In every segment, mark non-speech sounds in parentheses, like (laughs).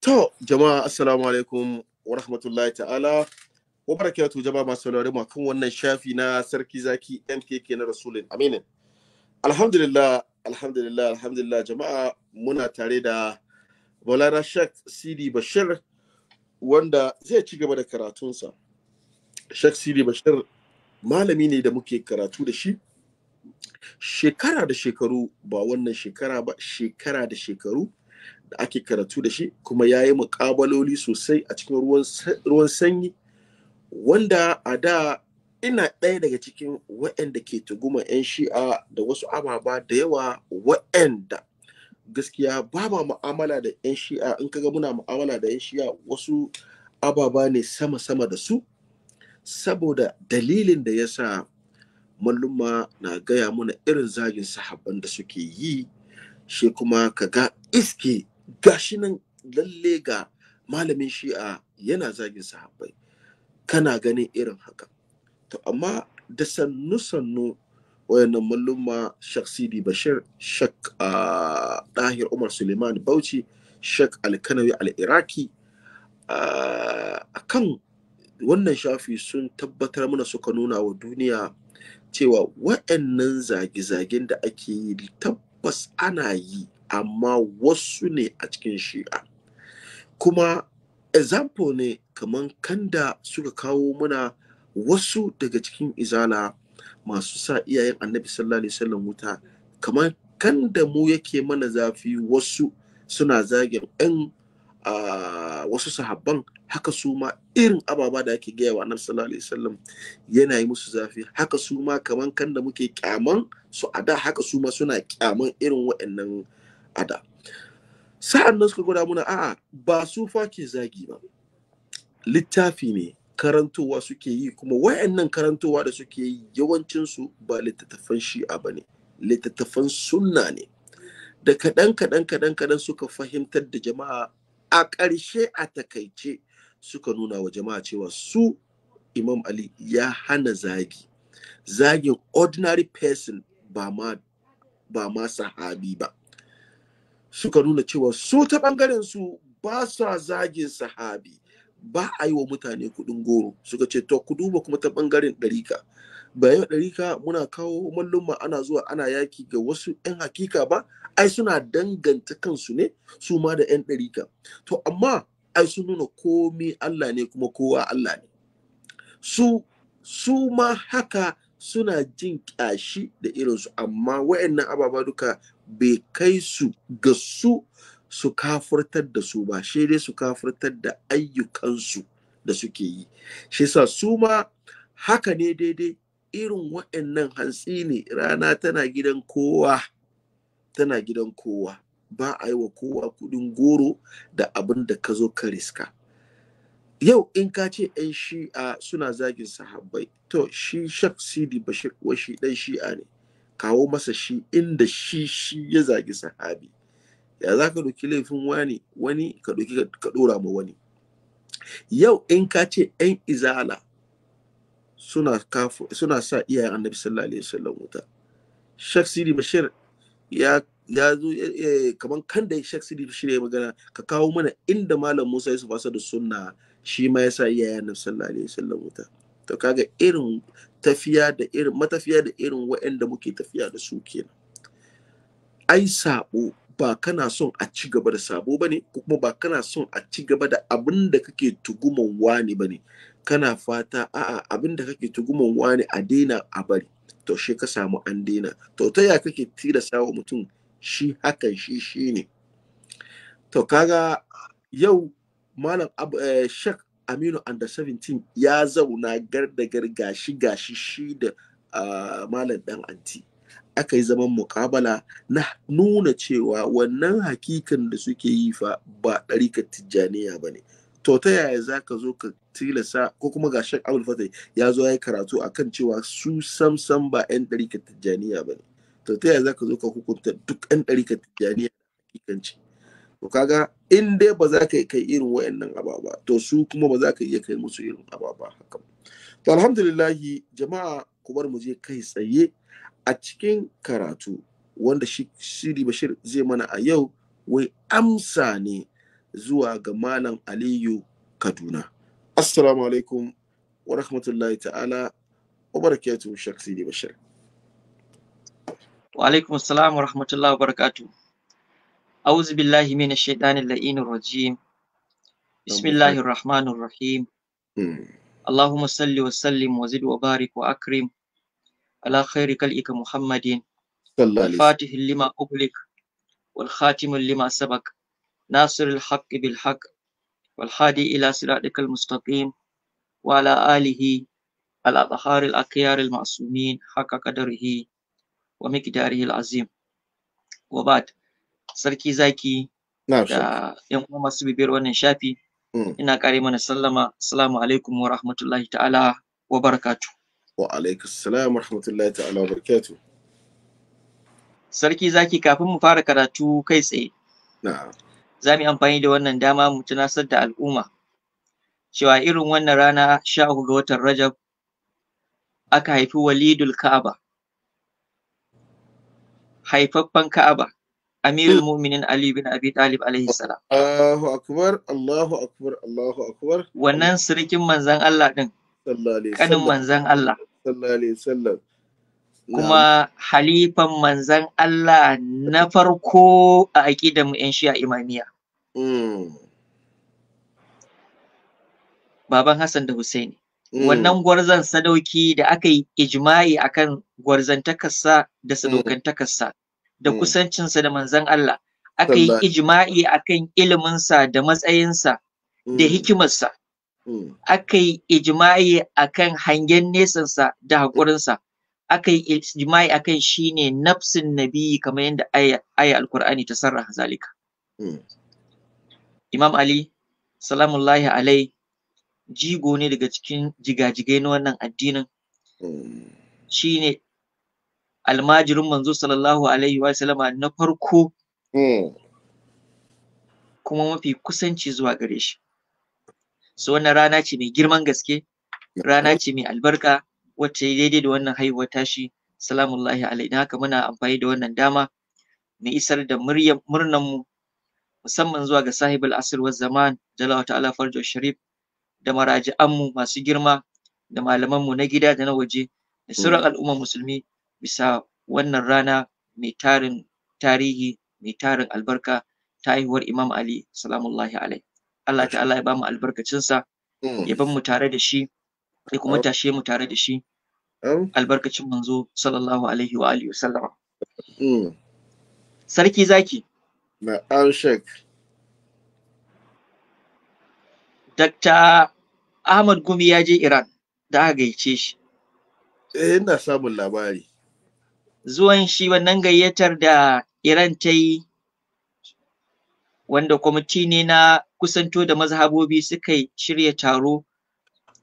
To, jama'a assalamu alaikum wa rahmatullahi ta'ala. Wa barakatuhu jama'a masu saurare mu kan wannan shafi na Sarki Zaki MKK na Rasulun. Aminin. Alhamdulillah, alhamdulillah, alhamdulillah jama'a muna tare da Bolara Sheikh Sidi Bashir wanda zai ci gaba da karatunsa. Sheikh Sidi Bashir malami ne da muke karatu da shi. Shekara da shekaru ba wannan shekara ba, shekara da shekaru. da ake karatu da shi kuma ya yi muƙabaloli sosai a cikin ruwan sanyi wanda a da ina ɗaya daga cikin waɗanda ke tuguma 'yan shi'a da wasu ababa da yawa waɗanda gaskiya ba ma mu'amala da 'yan shi'a in kaga muna mu'amala da 'yan shi'a wasu ababa ne sama-sama da su saboda dalilin da ya sa malluma na gaya muna irin zagin sahabban da suke yi shi kuma kaga iske gashi nan lalle ga malamin shi'a yana zagin sahabbai kana ganin irin haka to amma da sannu sannu wayannan malluma shak sidi bashir shak ah, dahir umar suleiman bauchi shak alkanawi al-iraki ah, a kan wannan shafi sun tabbatar mana suka nuna wa duniya cewa wa'annan zage-zagen da ake yi tabbas ana yi amma wasu ne a cikin shi'a kuma example ne kamar kanda suka kawo muna wasu daga cikin izala masu sa iyayen annabi sallallahu alaihi wasallam wuta kamar kanda mu yake mana zafi wasu suna zagin 'yan wasu sahabban haka su ma irin ababa da ake gaya wa annabi sallallahu alaihi wasallam yana yi musu zafi haka su ma kaman kan muke kyaman su a da haka su ma suna kyaman irin waɗannan ada sa'an nan suka gwada muna a'a ba su fa ke zagi ba littafi ne karantowa suke yi kuma wayannan karantowa da suke yi yawancinsu ba littattafan shi'a ba ne littattafan sunna ne da kaɗan kaɗan kaɗan kaɗan suka fahimtar da jama'a a ƙarshe a takaice suka nuna wa jama'a cewa su imam ali ya hana zagi zagin ordinary person ba ma ba ma sahabi ba suka nuna cewa su ta ɓangaren su ba sa zagin sahabi ba a yi wa mutane kuɗin goro suka ce to ku duba kuma ta ɓangaren ɗarika bayan ɗarika muna kawo mallumma ana zuwa ana yaki ga wasu 'yan hakika ba ai suna danganta kansu ne su ma da 'yan ɗarika to amma ai sun nuna komi Allah ne kuma kowa Allah ne su su ma haka suna jin ƙyashi da irinsu amma waɗannan ababa duka bai kai su ga su su kafurtar da su ba shi dai su kafurtar da ayyukansu da suke yi shi sa su ma haka ne daidai irin wa'annan hantsi ne rana tana gidan kowa tana gidan kowa ba a yi wa kowa kudin goro da abin da ka zo ka riska yau in ka ce 'yan shi'a suna zagin sahabbai to shi shak sidi bashir shi dan shi'a ne kawo masa shi inda shi shi ya zagi sahabi ya za ka ɗauki laifin wani wani ka ɗauki ka ɗora ma wani yau in ka ce 'yan izala suna kafu suna sa iyayen annabi sallallahu alaihi wasallam wuta Sheikh Sidi Bashir ya ya zo kaman kan da Sheikh Sidi Bashir ya magana ka kawo mana inda malam Musa Yusuf fasa da sunna shi ma ya sa iyayen annabi sallallahu alaihi wasallam wuta to kaga irin tafiya da irin matafiya da irin waɗanda muke tafiya da su kenan ai sabo ba kana son a ci gaba da sabo ba ne kuma ba kana son a ci gaba da abin da kake tuguman wani ba kana fata a'a abin da kake tuguman wani a daina a bari to shi ka samu an daina to ta ya kake tira wa mutum shi hakan shi shi ne to kaga yau malam eh, shek aminu under 17 ya zauna gar da gar gashi gashi shi da malam dan anti aka yi zaman mukabala na nuna cewa wannan hakikan da suke yi fa ba ɗarika tijjaniya ba ne to ta yaya za ka zo ka tilasa ko kuma ga shek abul fatai ya zo ya yi karatu a kan cewa su sam sam ba yan ɗarika tijjaniya ba ne to ta yaya za ka zo ka hukunta duk yan ɗarika tijjaniya hakikanci to kaga in dai ba za ka kai irin wayannan ba to su kuma ba za ka iya kai musu irin ba haka to alhamdulillah jama'a ku bar mu je kai tsaye a cikin karatu wanda shi Sidi Bashir zai mana a yau wai amsa ne zuwa ga Malam Aliyu Kaduna. Assalamu alaikum wa rahmatullahi ta'ala wa barakatuhu shakhsi Sidi Bashir. Wa alaikum assalam wa rahmatullahi wa barakatuhu. أعوذ بالله من الشيطان اللعين الرجيم بسم الله الرحمن الرحيم اللهم صل وسلم وزد وبارك وأكرم على خير كلئك محمد الفاتح لما أغلق والخاتم لما سبق ناصر الحق بالحق والهادي إلى صراطك المستقيم وعلى آله الأطهار الأخيار المعصومين حق قدره ومقداره العظيم وبعد sarki zaki da yan uwa masu bibiyar wannan shafi mm. ina kare mana sallama assalamu alaikum wa rahmatullahi ta'ala wa barakatu wa alaikum assalam wa rahmatullahi ta'ala wa barakatu sarki zaki kafin mu fara karatu kai tsaye za mu yi amfani da wannan dama mu tunasar da al'umma cewa irin wannan rana sha uku ga watan rajab aka haifi walidul ka'aba haifaffen ka'aba amirul mu'minin Ali bin Abi Talib alaihi salam الله أكبر wannan sirikin manzan Allah din kanin manzan Allah kuma halifan manzan Allah na farko a aqidar mu yan shi'a imamiya mm. baban Hassan da Hussaini. Mm. wannan gwarzan sadauki da aka yi ijma'i akan gwarzantakarsa da mm. sadaukantakarsa da mm. kusancinsa da manzon Allah aka yi ijma'i akan iliminsa da matsayinsa da mm. hikimarsa mm. aka yi ijma'i akan hangen nesansa da haƙurinsa aka yi ijma'i akan shine nafsin nabi kamar yadda aya, alkur'ani ta sarraha zalika imam ali salamullahi alai jigo ne daga cikin jigajigai na wannan addinin shine almajirin manzo sallallahu alaihi wa sallama na farko hmm. kuma mafi kusanci zuwa gare shi so wannan rana ce mai girman gaske rana ce mai albarka wacce daidai da wannan haihuwar tashi salamullahi alaihi haka muna amfani da wannan dama mu isar da murnan mu musamman zuwa ga sahibul asir wa zaman jalawa ta'ala farjo sharif da maraji'an mu masu girma da malaman mu na gida da na waje da sauran hmm. al'ummar musulmi bisa wannan rana mai tarin tarihi mai tarin albarka ta haihuwar Imam Ali salamullahi alai Allah ta'ala ya mu albarkacinsa mm. ya ban mu tare da shi ya kuma tashe mu tare da shi albarkacin manzo sallallahu alaihi wa alihi wasallam mm. sarki zaki na'am shek Dr. Ahmad Gumi ya je Iran da aka gaice shi eh ina samun labari zuwan shi wannan gayyatar da Iran ta yi wanda kwamiti ne na kusanto da mazhabobi suka shirya taro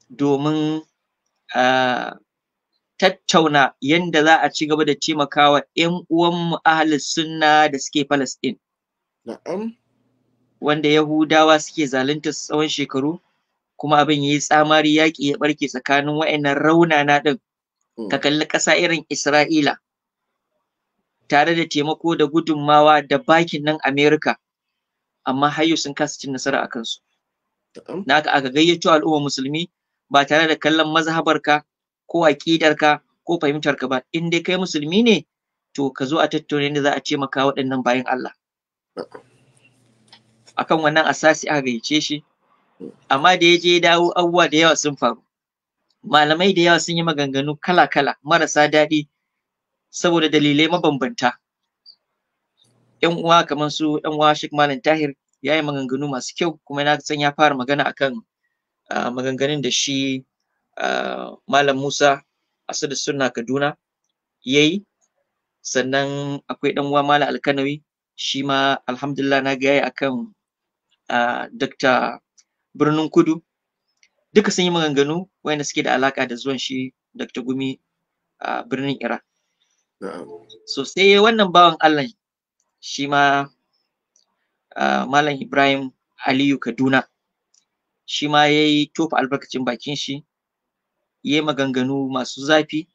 domin uh, tattauna yadda za a ci gaba da taimakawa 'yan uwanmu ahalin sunna da suke Falasɗin. Na'am. Wanda Yahudawa suke zalunta tsawon shekaru, kuma abin ya yi tsamari yaƙi ya ɓarke tsakanin wa'annan raunana ɗin. Ka mm. kalli ƙasa irin Isra'ila, tare da taimako da gudunmawa da bakin nan Amerika, amma yau sun kasa cin nasara a kansu. Na aka gayyato al'ummar musulmi ba tare da kallon mazhabarka ko aƙidarka ko fahimtarka ba, in dai kai musulmi ne to ka zo a tattauna yadda za a ce maka waɗannan bayan Allah. Akan wannan asasi aka gayyace shi, amma da ya je dawo abubuwa da yawa sun faru. Malamai da yawa sun yi maganganu kala-kala marasa daɗi saboda dalilai mabambanta yan uwa kamar su yan uwa Sheikh Malam Tahir ya yi maganganu masu kyau kuma na san ya fara magana akan maganganun da shi Malam Musa Asadu Sunna Kaduna yayi sannan akwai ɗan uwa Malam Alkanawi shi ma alhamdulillah na ga akan Dr. Birnin Kudu duka sun yi maganganu wayanda suke da alaka da zuwan shi Dr. Gumi a birnin Iraq so sai wannan bawan Allah shi ma Malam Ibrahim Aliyu Kaduna shi ma ya yi tofa albarkacin bakin shi ya maganganu masu zafi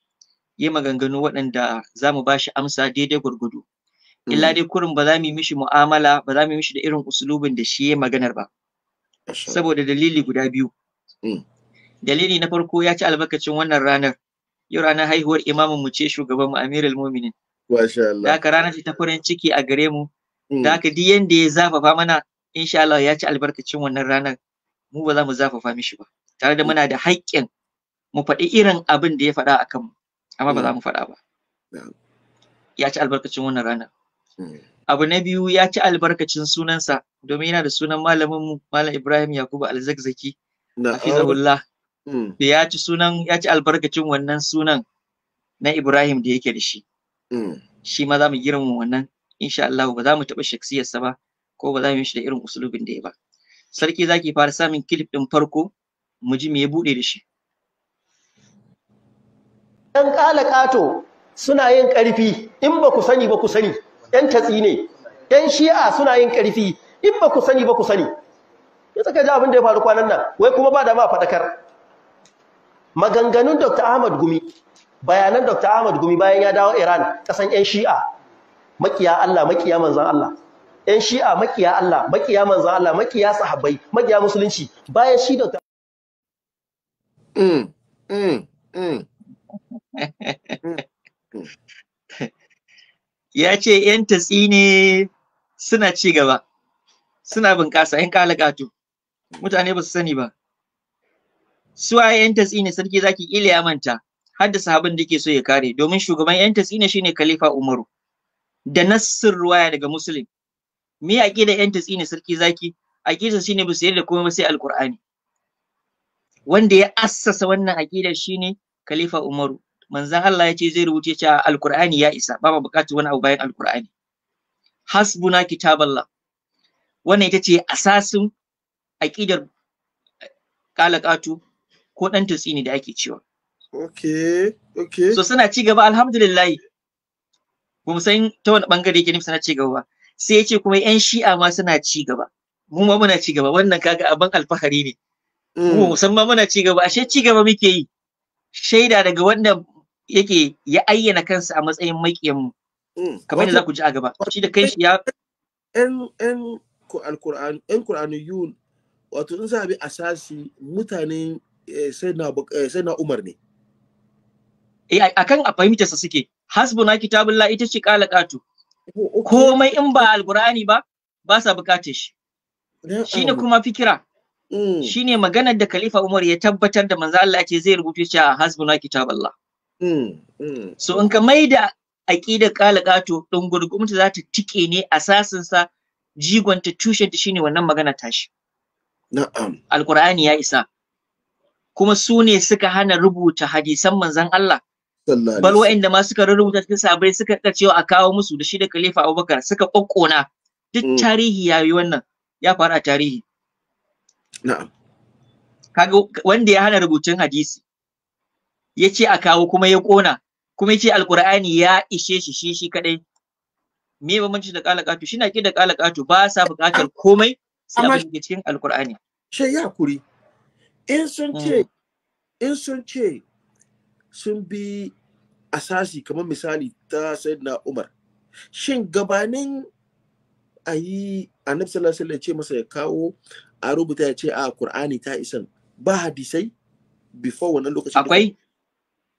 ya maganganu waɗanda za mu ba shi amsa daidai gwargwado mm. illa dai kurin ba za mu yi mishi mu'amala ba za mu yi mishi da irin usulubin da shi ya maganar ba saboda dalili guda biyu mm. dalili na farko ya ci albarkacin wannan ranar yau ranar haihuwar imamin mu ce shugaban mu amirul mu'minin masha Allah ka ranar ta farin ciki a gare mu hmm. da ka duk yanda ya zafafa mana insha Allah ya ci albarkacin wannan ranar mu ba za mu zafafa mishi ba tare da muna da haƙƙin mu faɗi irin abin da ya faɗa a kanmu amma ba za hmm. mu faɗa ba ya ci albarkacin wannan ranar hmm. abu na biyu ya ci albarkacin sunansa domin yana da sunan malamin mu malam Ibrahim Yakubu Alzakzaki hafizahullah Mm. da ya ci sunan ya ci albarkacin wannan sunan na Ibrahim da yake da shi mm. shi ma za mu girma wannan insha Allah ba za mu taɓa shaksiyarsa ba ko ba za mu yi shi da irin usulubin da ya ba sarki zaki fara samun kilif ɗin farko mu ji me ya buɗe da shi yan ƙala ƙato suna yin ƙarfi in ba ku sani ba ku sani ‘yan tatsi ne ‘yan shi'a suna yin ƙarfi in ba ku sani ba ku sani ya saka ji abin da ya faru kwanan nan wai kuma ba da ma faɗakar maganganun Dr. Ahmad Gumi bayanan Dr. Ahmad Gumi bayan ya dawo Iran kasan ƴan Shi'a makiya Allah makiya manzon Allah ƴan Shi'a makiya Allah makiya manzon Allah makiya sahabbai makiya musulunci bayan shi Dr. Mm mm mm (laughs) ya ce ‘yan tatsi ne suna ci gaba, suna bunƙasa ‘yan kalakatu, mutane ba su sani ba. su a yan sarki zaki kila ya manta har da sahabin da yake so ya kare domin shugaban yan ne shine khalifa umaru da nassin ruwaya daga muslim me ya aqida yan ne sarki zaki aqida shine bisa yadda komai sai alqur'ani wanda ya assasa wannan aqidar shine khalifa umaru manzon Allah ya ce zai rubuce cewa alqur'ani ya isa ba buƙatar wani abu bayan alqur'ani hasbuna kitaballah wannan ita ce asasin aqidar ƙalaƙatu. ko ɗan tutsi ne da ake cewa. Okay, okay. So suna ci gaba alhamdulillahi. Ba mu san ta wani bangare yake nufi suna ci gaba ba. Sai ya ce kuma 'yan shi'a ma suna ci gaba. Mu ma muna ci gaba wannan kaga abin alfahari ne. Mu musamman muna ci gaba ashe ci gaba muke yi. Shaida daga wanda yake ya ayyana kansa a matsayin maƙiyanmu. Mm. Kamar da za ku ji a gaba. Shi da kai shi ya. 'Yan yun, wato in za a bi asasi mutanen Eh, eh, sai na Umar ne. Eh akan a fahimtarsa suke hasbuna kitabullah ita ce kalakatu komai in ba alqur'ani ba ba sa bukatar shi. Shine kuma fikira. Mm. Shine maganar da Khalifa Umar ya tabbatar da manzo Allah ce zai rubuta shi a hasbuna kitabullah. Mm, mm. So in ka maida aƙidar kalakatu ɗin gurgumta za ta tike ne asasinsa jigonta tushenta shine wannan magana tashi. Na'am. Alqur'ani ya isa. kuma su ne suka hana rubuta hadisan manzon Allah bal wa'inda ma suka rubuta cikin sabai suka ka cewa a kawo musu da shi da khalifa Abubakar suka kokkona duk mm. tarihi yayi wannan ya faru a tarihi na'am wanda ya hana rubutun hadisi ya ce a kawo kuma ya ƙona, kuma ya ce Alƙur'ani ya ishe shi shi shi kadai me bambanci da ƙala ƙato shi na ki da ƙala ƙato, ba sa buƙatar komai sai abin cikin Alƙur'ani. shi ya kuri in sun ce mm. in sun ce sun bi asasi kamar misali ta sayyidina umar shin gabanin a yi annabi sallallahu alaihi ce masa ya kawo a rubuta ya ce a qur'ani ta isan ba hadisai before wannan lokacin akwai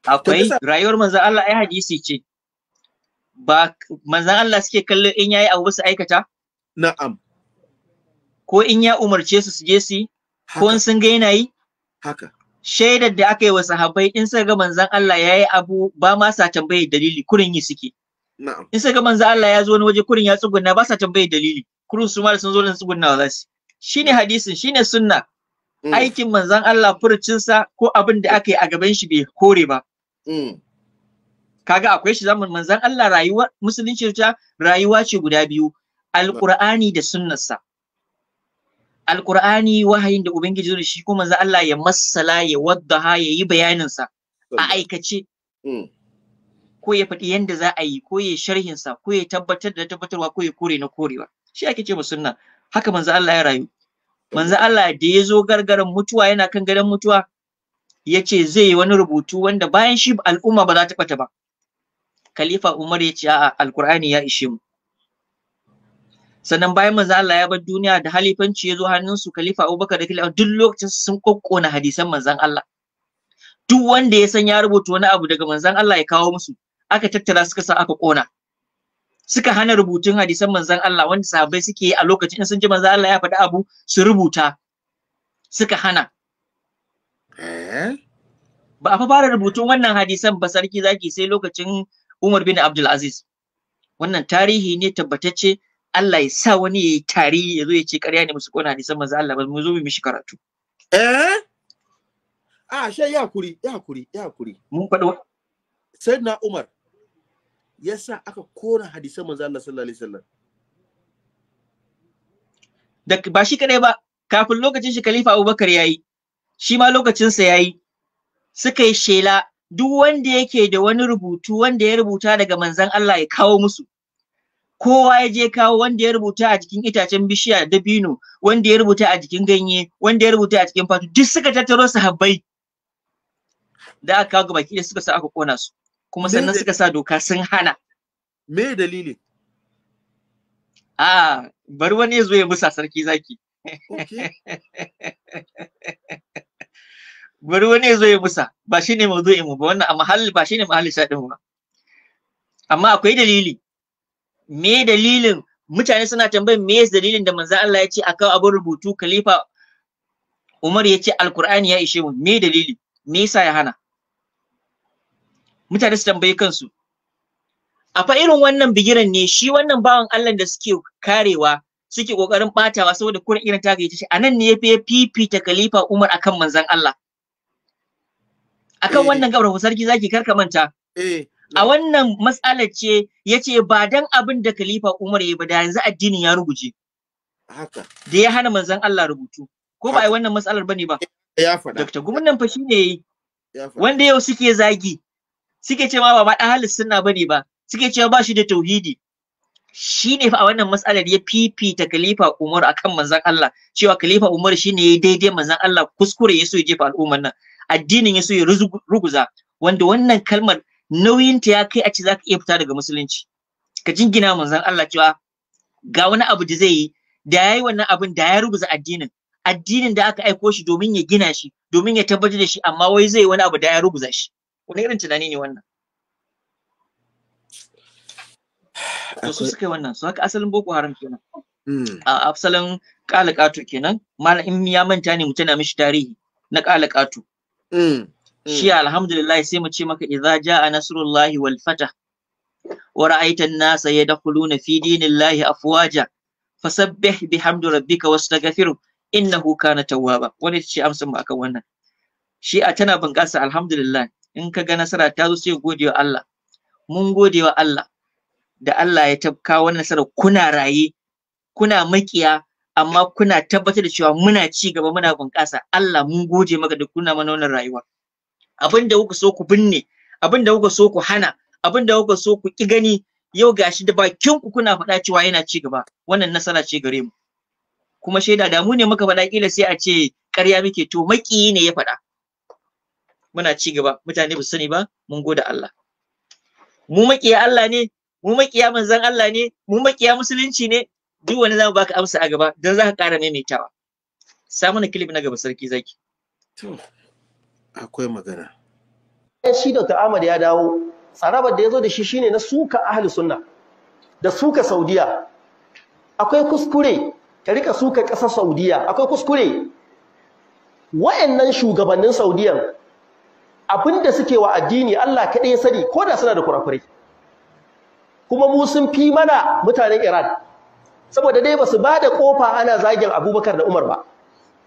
akwai rayuwar manzon Allah ai hadisi ce ba manzon Allah suke kallo in yayi abu su aikata na'am ko in ya umarce su su je su ko in sun ga yana yi haka shaidar da aka yi wa sahabbai in sai ga manzon Allah ya yi abu ba ma sa tambaye dalili kurin yi suke na'am in sai ga manzon Allah ya zo wani waje kurin ya tsugunna ba sa tambaye dalili kurin su ma sun zo da tsugunnawa za su shine hadisin shine sunna mm. aikin manzon Allah sa ko abin da aka yi a gaban shi bai kore ba mm. kaga akwai shi zaman manzon Allah rayuwa musulunci ta rayuwa ce guda biyu alqur'ani da sunnarsa alkur'ani wahayin da ubangiji zo da shi kuma za Allah ya masala ya ha ya yi bayaninsa a aikace hmm. ko ya faɗi yadda za a yi ko ya sharhin sa ko ya tabbatar da tabbatarwa ko ya kore na korewa shi ake ce musunna haka manzo Allah ya rayu manzo Allah da ya zo gargaran mutuwa yana kan gadon mutuwa ya ce zai yi wani rubutu wanda bayan shi al'umma ba za ta bata ba khalifa Umar ya ce a'a alkur'ani ya ishe mu sannan bayan manzo Allah ya bar duniya da halifanci ya zo hannunsu khalifa Abubakar da khalifa duk lokacin sun kokkona hadisan manzon Allah duk wanda ya san ya rubuta wani abu daga manzon Allah ya kawo musu aka tattara suka sa aka kona suka hana rubutun hadisan manzon Allah wanda sahabbai suke a lokacin in sun ji manzon Allah ya faɗi abu su rubuta suka hana eh? ba a fara rubutun wannan hadisan ba sarki zaki sai lokacin Umar bin Abdul Aziz wannan tarihi ne tabbatacce Allah ya sa wani ya yi tari ya zo ya ce ƙarya ne musu kona nisan za Allah ba mu zo mu mishi karatu. Eh? A shi ya kuri, ya kuri, ya kuri. Mun faɗi Sayyidina Umar ya sa aka kona hadisan manzo Allah sallallahu alaihi wasallam. Da ba shi kadai ba, kafin lokacin shi Khalifa Abubakar yayi, shi ma lokacinsa yayi. Suka yi shela duk wanda yake da wani rubutu wanda ya rubuta daga manzon Allah ya kawo musu. kowa ya je kawo wanda ya rubuta a jikin itacen bishiya dabino wanda ya rubuta a jikin ganye wanda ya rubuta a jikin fatu duk suka tattaro habbai da aka kawo baki da suka sa aka kona su kuma sannan suka sa doka sun hana me dalili a bari wani ya zo ya musa sarki zaki (laughs) bari wani ya zo ya musa ba shine mawdu'in mu ba wannan a mahalli ba shine mahalli shaɗin ba amma akwai dalili me dalilin mutane suna tambayin me dalilin da manzo Allah ya ce akan abin rubutu khalifa Umar ya ce alkur'ani ya ishe mu me dalili me yasa ya hana mutane su tambayi kansu a fa irin wannan bigiran ne shi wannan bawan Allah da suke karewa suke kokarin batawa saboda kuran irin ta gaji a nan ne ya fifita khalifa Umar akan manzon Allah akan eh. wannan gabar sarki zaki karka manta eh a wannan matsalar ce ya ce ba don abin da khalifa Umar ya ba da yanzu addinin ya ruguje da ya hana manzan Allah rubutu ko ba yi wannan matsalar ne ba ya faɗa Dr. Gumnan fa shine yayi wanda yau suke zagi suke cewa ba ma dan halis ba ne ba suke cewa ba shi da tauhidi shi ne fa a wannan matsalar ya fifita khalifa Umar akan manzan Allah cewa khalifa Umar shine ya daidai manzan Allah kuskure ya so ya jefa al'ummar nan addinin ya so ya ruguza wanda wannan kalmar nauyinta ya kai a ce za ka iya fita daga musulunci ka jingina manzon Allah cewa ga wani abu da zai yi da ya yi wannan abin da ya ruguza addinin addinin da aka aiko shi domin ya gina shi domin ya tabbatar da shi amma wai zai wani abu da ya ruguza shi wani irin tunani ne wannan to su suka yi wannan su haka asalin boko haram kenan hmm. a asalin kala kato kenan malam in ya manta ne mutum na mishi tarihi na kala kato hmm. Mm. shi alhamdulillah sai mu ce maka idza jaa nasrullahi wal fatah wa ra'aita an-nasa yadkhuluna fi dinillahi afwaja fasabbih bihamdi rabbika wastaghfir innahu kana tawwaba wani ce amsan mu akan wannan shi a tana bunƙasa alhamdulillah in ka ga nasara ta zo sai gode wa Allah mun gode wa Allah da Allah ya tabka wannan nasara kuna raye kuna makiya amma kuna tabbatar da cewa muna ci gaba muna bunƙasa Allah mun gode maka da kuna mana wannan rayuwa abin da kuka so ku binne abinda da kuka so ku hana abin da kuka so ku ki gani yau gashi da bakin ku kuna faɗa cewa yana ci gaba wannan nasara ce gare mu kuma shaida da mu ne muka faɗa kila sai a ce ƙarya muke to maki ne ya faɗa muna ci gaba mutane ba sani ba mun gode Allah mu maƙiya Allah ne mu maƙiya manzon Allah ne mu maƙiya musulunci ne duk wani zamu baka amsa a gaba dan zaka ƙara maimaitawa sai mana clip na gaba sarki zaki to akwai magana eh, shi Dr. Ahmad ya dawo tsarabar da ya zo da shi shine na suka ahli sunna da suka saudiya akwai kuskure ka rika suka ƙasa saudiya akwai kuskure wa'annan shugabannin saudiyan abinda suke wa addini Allah kaɗai ya sani ko da suna da kurakurai kuma mu sun fi mana mutanen iran saboda dai ba su ba da ƙofa ana zagin abubakar da umar ba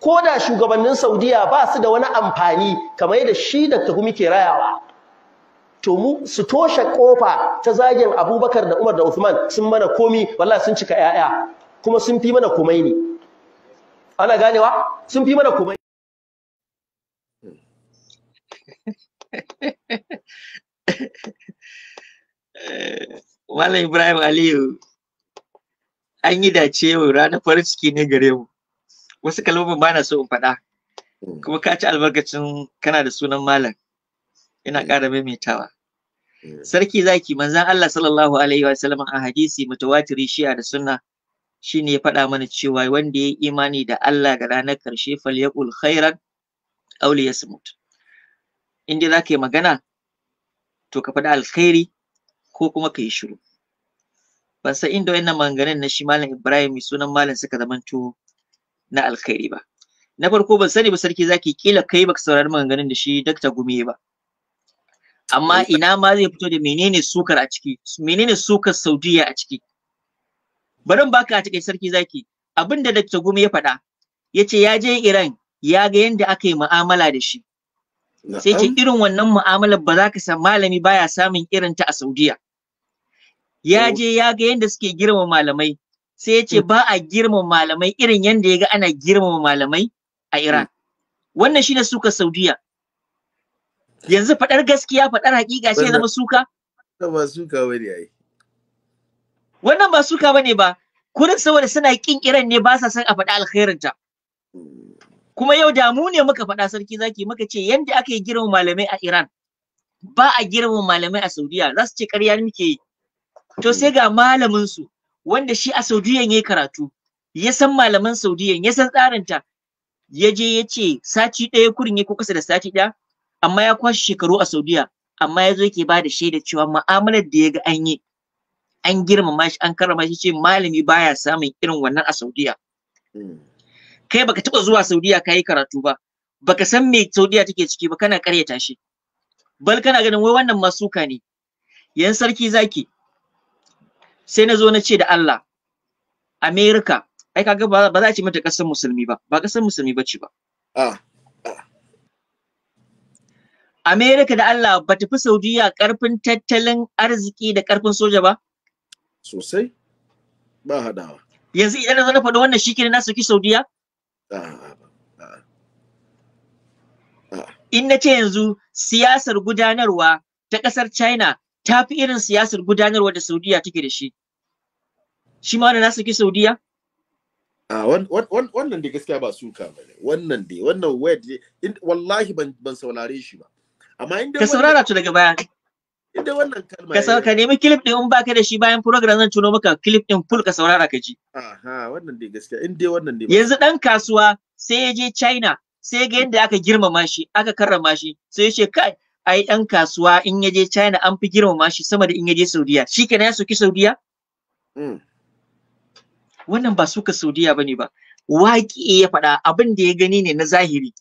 ko da shugabannin Saudiya ba su da wani amfani kamar yadda shi da Tuhumi ke rayawa to mu su toshe kofa ta zagin Abubakar da Umar da Uthman sun mana komi wallahi sun cika yaya kuma sun fi mana komai ne ana ganewa sun fi mana komai Wallahi Ibrahim Aliyu an yi dace yau ranar farin ciki ne gare mu wasu kalmomin ba na so in faɗa hmm. kuma ka ci albarkacin kana da sunan malam ina ƙara maimaitawa hmm. sarki zaki manzan Allah sallallahu alaihi wa sallam a hadisi mutawatiri shi'a da sunna shine ya faɗa mana cewa wanda ya yi imani da Allah ga ranar ƙarshe falyaqul khairan aw liyasmut in dai zaka yi magana to ka faɗi alkhairi ko kuma ka yi shiru ban san inda wannan maganganun na shi malam Ibrahim sunan malam suka zamanto na alkhairi ba na farko ban sani ba sarki zaki kila kai baka saurari maganganun da shi Dr. Gumi ba amma ina ma zai fito da menene sukar a ciki menene sukar Saudiya a ciki barin baka a cikin sarki zaki abinda Dr. Gumi ya faɗa yace ya je Iran ya ga yadda aka yi mu'amala da shi sai ce irin wannan mu'amalar ba za ka san malami baya samun irin ta a Saudiya ya oh. je ya ga yadda suke girma malamai sai ya ce hmm. ba a girmama malamai irin yadda ya ga ana girmama malamai a Iran. Hmm. Wannan shi ne suka Saudiya. Yanzu faɗar gaskiya faɗar hakika shi ya zama suka? Ba suka ba ne ai. Wannan ba suka ba ne ba, kurin saboda suna ƙin Iran ne ba sa son a faɗa alkhairinta. Hmm. Kuma yau da mu ne muka faɗa sarki zaki muka ce yadda aka yi girmama malamai a Iran ba a girmama malamai a Saudiya za su ce ƙarya muke yi. To sai ga malamin su wanda shi a Saudiyan yayi karatu ya san malaman Saudiyan ya san tsarinta ya je ya ce sati ɗaya kurin ya ko kasa da sati ɗaya amma ya kwashe shekaru a Saudiya amma ya zo yake ba da shaida cewa mu'amalar da ya ga an yi an girmama shi an karrama shi ce malami baya samun irin wannan a Saudiya hmm. kai baka taɓa zuwa Saudiya kayi karatu ba baka san me Saudiya take ciki ba kana ƙaryata shi bal kana ganin wai wannan masuka ne yan sarki zaki sai na zo na ce da Allah America ai kaga ba za a ce mata kasar musulmi ba ba kasar musulmi ba ce ba ah, ah. America da Allah ba ta fi Saudiya karfin tattalin arziki da karfin soja ba sosai ba hadawa yanzu idan na zo na faɗi wannan shi na saki Saudiya ah, in na ce yanzu siyasar gudanarwa ta ƙasar China ta fi irin siyasar gudanarwa da Saudiya take da shi. Shi ma na saki Saudiya? A wannan da gaskiya ba suka ba ne, wannan dai, wannan wayar wallahi ban saurare shi ba. Amma inda Ka saurara tu daga baya. Inda wannan kalma Ka ka nemi clip din in baka da shi bayan program zan tuno maka clip din full ka saurara ka ji. Aha, wannan dai gaskiya, in dai wannan ne Yanzu dan kasuwa sai ya je China sai ga yadda aka girmama shi, aka karrama shi, sai ya ce kai ai ɗan kasuwa in ya je China an fi girmama shi sama da in ya je Saudiya shi kenan ya soki Saudiya mm. wannan ba suka Saudiya bane ba waƙi eh, ya faɗa abin da ya gani ne na zahiri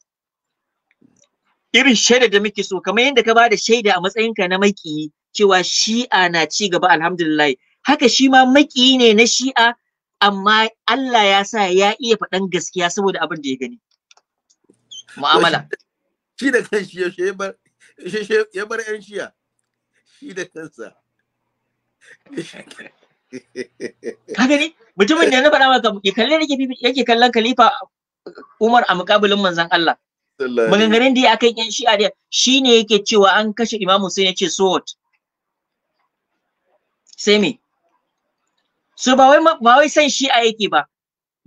irin shaida da muke so kamar yadda ka ba da shaida a matsayinka na maƙiyi cewa shi'a na ci gaba alhamdulillah haka shi ma maƙiyi ne na shi'a amma Allah ya sa ya iya faɗan gaskiya saboda abin da ya gani mu'amala shi da kan shi ya bar (laughs) ya bar yan shiya shi da kansa (laughs) ka gani mutumin da na faɗa maka ya kalle da yake kallon khalifa Umar a mukabilin manzon Allah maganganun da ya akan yan shi'a ne shine yake cewa an kashe Imam Hussein yace so what sai me so ba wai ba wai san shi'a yake ba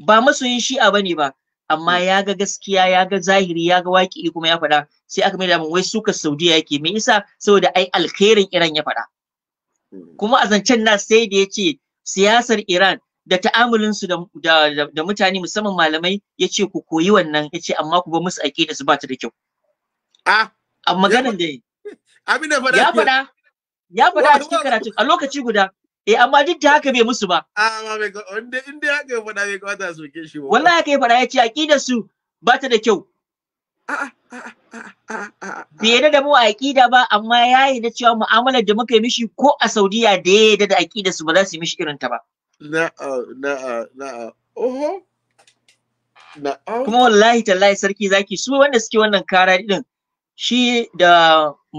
ba masoyin shi'a bane ba amma hmm. ya ga gaskiya ya ga zahiri ya ga waƙi kuma ya faɗa sai aka mai damun wai suka saudiya yake me yasa saboda ai alkhairin iran ya faɗa hmm. kuma a zancen na sai da ya ce siyasar iran da ta'amulinsu da, da, da, mutane musamman malamai ya ce ku koyi wannan ya ce amma ku ba musu da su ba ta da kyau a maganar da ya faɗa ya faɗa a cikin karatu a lokaci guda Eh amma duk da haka bai musu ba. Ah, amma bai wanda in dai haka ya faɗa bai ga su soke shi ba. Wallahi haka ya faɗa ya ce aqidar su ba ta da kyau. Bai yarda da mu a aqida ba amma ya da cewa mu'amalar da muka yi mishi ko a Saudiya da ya yarda da aqidar su ba za su yi mishi irin ta ba. Na'a na'a na'a. Oho. Na'a. Kuma wallahi tallahi sarki zaki su wanda suke wannan kara din shi da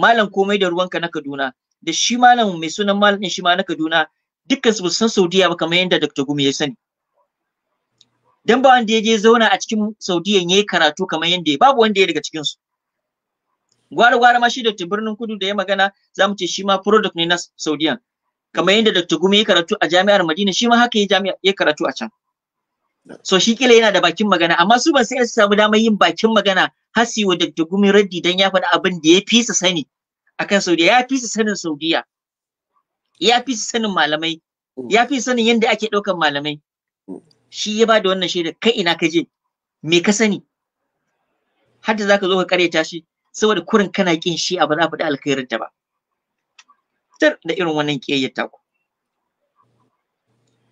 malam komai da ruwanka na Kaduna. da shi malam mai sunan malam din shi ma na Kaduna dukkan su san Saudiya ba kamar yadda Dr. Gumi ya sani dan ba wanda ya je zauna a cikin Saudiya yi karatu kamar yadda babu wanda ya daga cikin su gwara gwara ma shi Dr. Birnin Kudu da ya magana zamu ce shi ma product ne na Saudiya kamar yadda Dr. Gumi ya karatu a Jami'ar Madina shi ma haka ya ya karatu a can so shi kila yana da bakin magana amma su ban sai su samu damar yin bakin magana hasi wa Dr. Gumi Raddi dan ya faɗi abin da ya fi sani akan Saudiya ya fi sanin Saudiya ya fi sanin malamai mm. ya fi sanin yadda ake ɗaukan malamai mm. shi ya ba da wannan shaida kai ina ka je me ka sani har da zaka zo ka ta shi saboda kurin kana kin shi a ba za faɗi alkhairin ta ba tar da irin wannan kiyayyar ta ku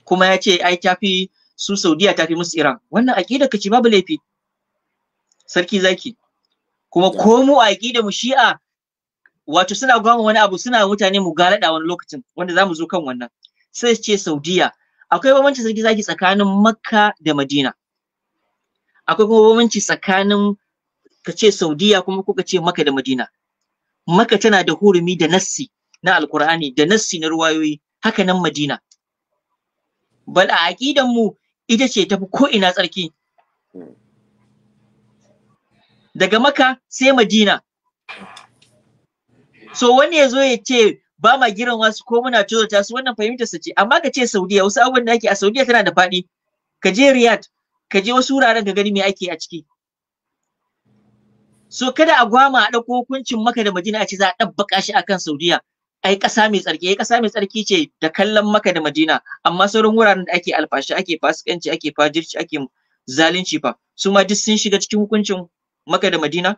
kuma ya ce ai ta fi su Saudiya fi musu Iran wannan ka kace babu laifi sarki zaki kuma ko mu da mu shi'a wato suna gwamma wani abu suna mutane mu galada wani lokacin wanda zamu zo kan wannan sai ce Saudiya akwai bambanci sarki zaki tsakanin Makka da Madina akwai kuma bambanci tsakanin ka ce Saudiya kuma kuka ce Makka da Madina Makka tana da hurumi da nassi na Alkur'ani da nassi na ruwayoyi haka nan Madina bal a aqidan mu ita ce tafi ko ina tsarki hmm. daga Makka sai Madina so wani ya zo ya ce ba ma girin wasu ko muna ta su wannan fahimtar su ce amma ka ce Saudiya wasu abubuwan da ake a Saudiya tana da faɗi ka je Riyadh ka je wasu wuraren ka gani me ake a ciki so kada a gwama a ɗauko hukuncin maka da madina a ce za a ɗabbaka shi akan saudiya ai ƙasa mai tsarki ai ƙasa mai tsarki ce da kallon maka da madina amma sauran wuraren da ake alfashi ake fasikanci ake fajirci ake zalunci fa su ma duk sun shiga cikin hukuncin maka da madina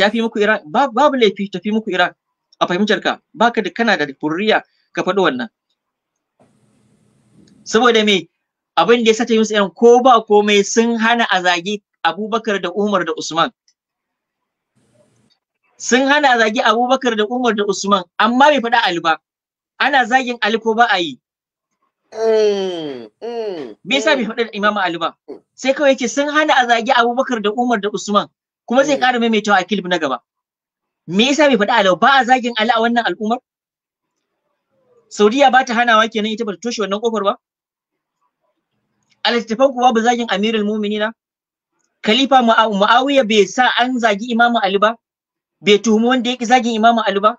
tafi muku Iran babu laifi tafi muku Iran a fahimtar ka baka da kana da furriya ka faɗi wannan saboda me abin da ya sata musu Iran ko ba komai sun hana a zagi Abubakar da Umar da Usman sun hana zagi Abubakar da Umar da Usman amma bai faɗa Ali ba ana zagin Ali ko ba a yi mm, mm, me yasa bai mm. faɗa Imam Ali ba sai kawai yake sun hana a zagi Abubakar da Umar da Usman kuma zai ƙara maimaitawa a kilif na gaba me yasa bai faɗi alau ba a zagin ala a wannan al'ummar saudiya ba ta hanawa kenan ita ba ta toshe wannan kofar ba a littattafan kuwa ba zagin amirul muminina khalifa muawiya bai sa an zagi imamu ali ba bai tuhumi wanda ya ki zagin imamu ali ba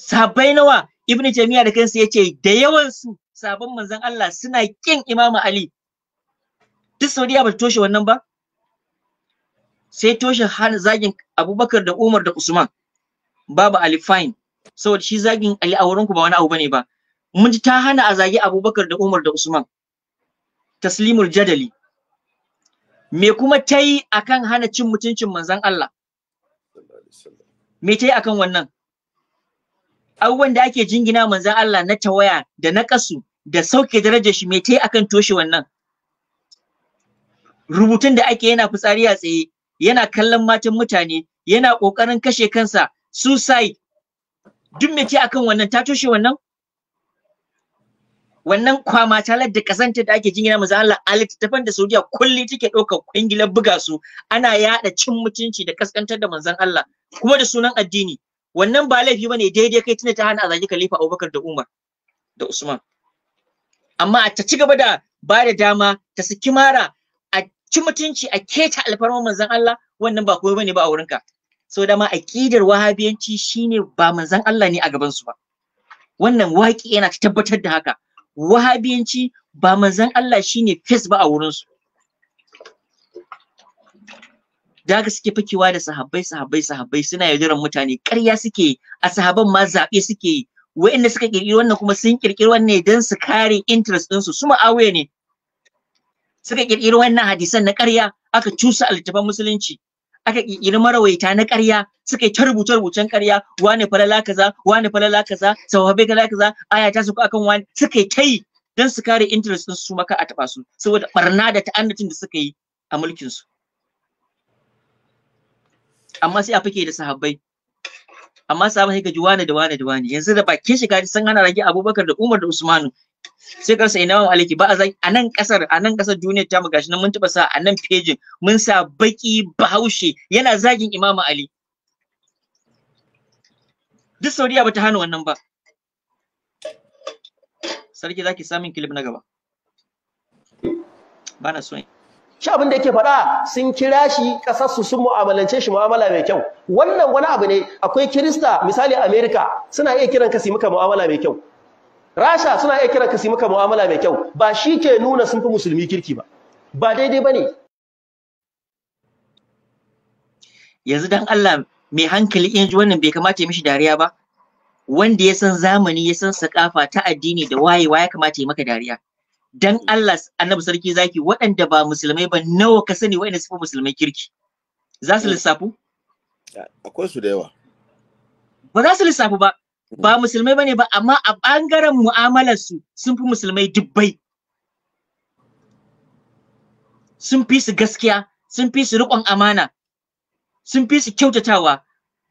sabai nawa ibnu jami'a da kansa yace da yawan su sabon manzon Allah suna kin imamu ali duk saudiya ba ta toshe wannan ba sai toshe hana zagin abubakar da umar da usman babu alifain saboda shi zagin ali a wurinku ba wani abu bane ba mun ji ta hana a zagi abubakar da umar da usman taslimul jadali me kuma ta yi akan hana cin mutuncin manzon Allah me ta yi akan wannan abubuwan da ake jingina manzon Allah na tawaya da na kasu da sauke darajar shi me ta yi akan toshe wannan rubutun da ake yana fitsari a tsaye yana kallon matan mutane yana ƙoƙarin kashe kansa suicide duk me ce akan wannan ta toshe wannan wannan kwama talar da kasanta da ake jingina maza Allah a littattafan da Saudiya kulli take ɗaukar kungilar buga su ana yada cin mutunci da kaskantar da manzon Allah kuma da sunan addini wannan ba laifi bane daidai kai tunda ta hana a zagi khalifa Abubakar da Umar da Usman amma a ta ci gaba da ba da dama ta saki mara ci mutunci a keta alfarma manzon Allah wannan ba kowa bane ba a wurinka so dama aqidar wahabiyanci shine ba manzon Allah ne a gaban su ba wannan waki yana tabbatar da haka wahabiyanci ba manzon Allah shine face ba a wurin su da haka suke fakewa da sahabbai sahabbai sahabbai suna yaudaran mutane ƙarya suke a sahabban ma zaɓe suke yi wa'inda suka ƙirƙiri wannan kuma sun ƙirƙiri wannan don su kare interest ɗinsu su ma'awiya ne suka kirkiri wannan hadisan na ƙarya aka cusa littafan musulunci aka kirkiri marawaita na ƙarya suka yi ta rubuce rubucen ƙarya wane falala kaza wane falala kaza sawabe kaza kaza aya ta suka akan wani suka kai dan su kare interest din su maka a taɓa su saboda barna da ta'annatin da suka yi a mulkin su amma sai a fike da sahabbai amma sahabbai ga wane da wane da wane yanzu da bakin shiga sun hana rage Abubakar da Umar da Usmanu sai ka sai nawan aliki ba a zagi a nan kasar a nan kasar duniya ta mu gashi nan mun taba sa a nan pejin mun sa baki bahaushe yana zagin imamu ali duk sauriya bata hana wannan ba sarki zaki samun kilib na gaba ba na so shi abin da yake faɗa sun kira shi ƙasarsu sun mu'amalance shi mu'amala mai kyau wannan wani abu ne akwai kirista misali america suna iya kiran ka su maka mu'amala mai kyau rasha suna iya kira ka su maka mu'amala mai kyau ba shi ke nuna sun fi musulmi kirki ba ba daidai ba ne yanzu don Allah mai hankali in ji wannan bai kamata ya mishi dariya ba wanda ya san zamani ya san sakafa ta addini da wayewa ya kamata ya maka dariya Don Allah annabi sarki zaki waɗanda ba musulmai ba nawa ka sani waɗanda su musulmai kirki za su lissafu akwai su da yawa ba za su lissafu ba ba musulmai bane ba amma a bangaren mu'amalar su sun fi musulmai dubbai sun fi su gaskiya sun fi su riƙon amana sun fi su kyautatawa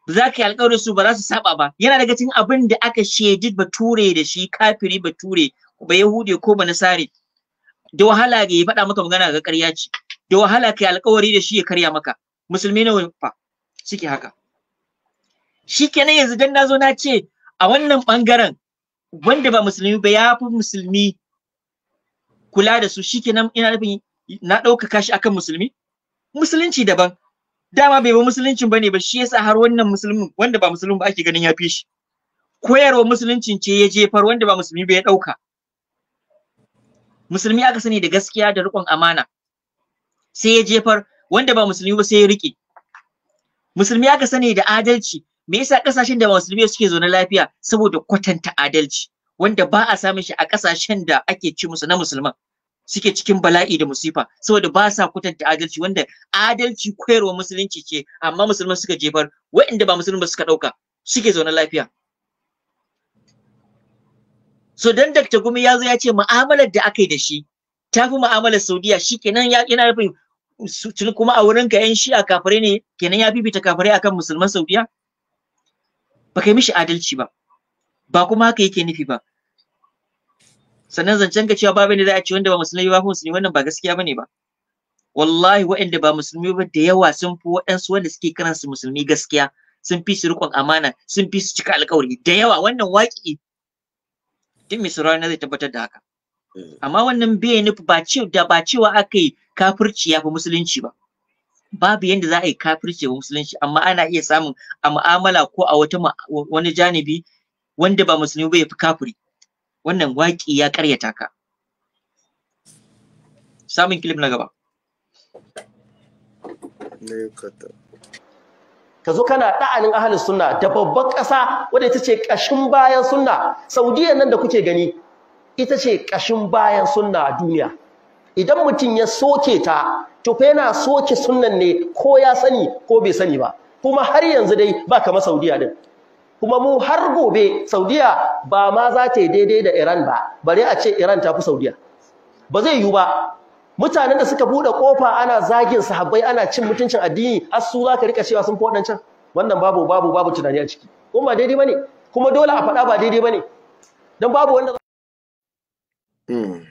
ba za ka yi alƙawarin su ba za su saba ba yana daga cikin abin da aka shaidi bature da shi kafiri bature ba yahudi ko ba nasari. da wahala ga ya faɗa maka magana ga ƙarya ce da wahala ka yi alƙawari da shi ya karya maka musulmi nawa fa suke haka shikenan yanzu dan na zo na ce a wannan ɓangaren wanda ba musulmi ba ya fi musulmi kula da su nan ina nufin na ɗaukaka shi akan musulmi musulunci daban dama bai ba musuluncin bane ba shi yasa har wannan musulmin wanda ba musulmi ba ake ganin ya fi shi koyarwa musuluncin ce ya jefar wanda ba musulmi ba ya ɗauka musulmi aka sani da gaskiya da riƙon amana sai ya jefar wanda ba musulmi ba sai ya riƙe musulmi aka sani da adalci me yasa kasashen da musulmi suke zaune lafiya saboda kwatanta adalci wanda ba a samun shi a kasashen da ake ci musu na musulman suke cikin bala'i da musifa saboda ba sa kwatanta adalci wanda adalci koyarwa musulunci ce amma musulman suka jefar waɗanda ba musulman suka ɗauka suke zaune lafiya so dan Dr. Gumi ya zo ya ce mu'amalar da aka yi da shi ta fi mu'amalar Saudiya kenan ya yana nufin kuma a wurin ka yan shi'a kafirai ne kenan ya fifita kafirai akan musulman Saudiya baka yi mishi adalci ba ba kuma haka yake nufi ba sannan zancen ka cewa babu ne za a ce wanda ba musulmi ba musulmi wannan ba gaskiya bane ba wallahi waɗanda ba musulmi ba da yawa sun fi waɗansu wanda suke su musulmi gaskiya sun fi su riƙon amana sun fi su cika alƙawari da yawa wannan waƙi din misra na zai tabbatar da haka eh. amma wannan bai nufi ba cewa da ba cewa aka yi kafirci ya fi musulunci ba babu yadda za a yi kafirce wa musulunci amma ana iya samun a mu'amala ko a wata wani janibi wanda ba musulmi ba ya fi kafiri wannan waƙi ya ƙaryata ka samun kilif na gaba ka zo kana ɗa'anin ahalin sunna da babban ƙasa wadda ita ce ƙashin bayan sunna saudiya nan da kuke gani ita ce ƙashin bayan sunna a duniya idan mutum ya soke ta to fa yana soke sunnan ne ko ya sani ko bai sani ba kuma har yanzu dai ba kamar Saudiya din kuma mu har gobe Saudiya ba ma za ta yi daidai da Iran ba bare a ce Iran ta fi Saudiya ba zai yiwu ba mutanen da suka buɗe kofa ana zagin sahabbai ana cin mutuncin addini asu za ka rika cewa sun fi waɗancan wannan babu babu babu tunani a ciki kuma ba daidai bane kuma dole a faɗa ba daidai bane dan babu wanda Mm.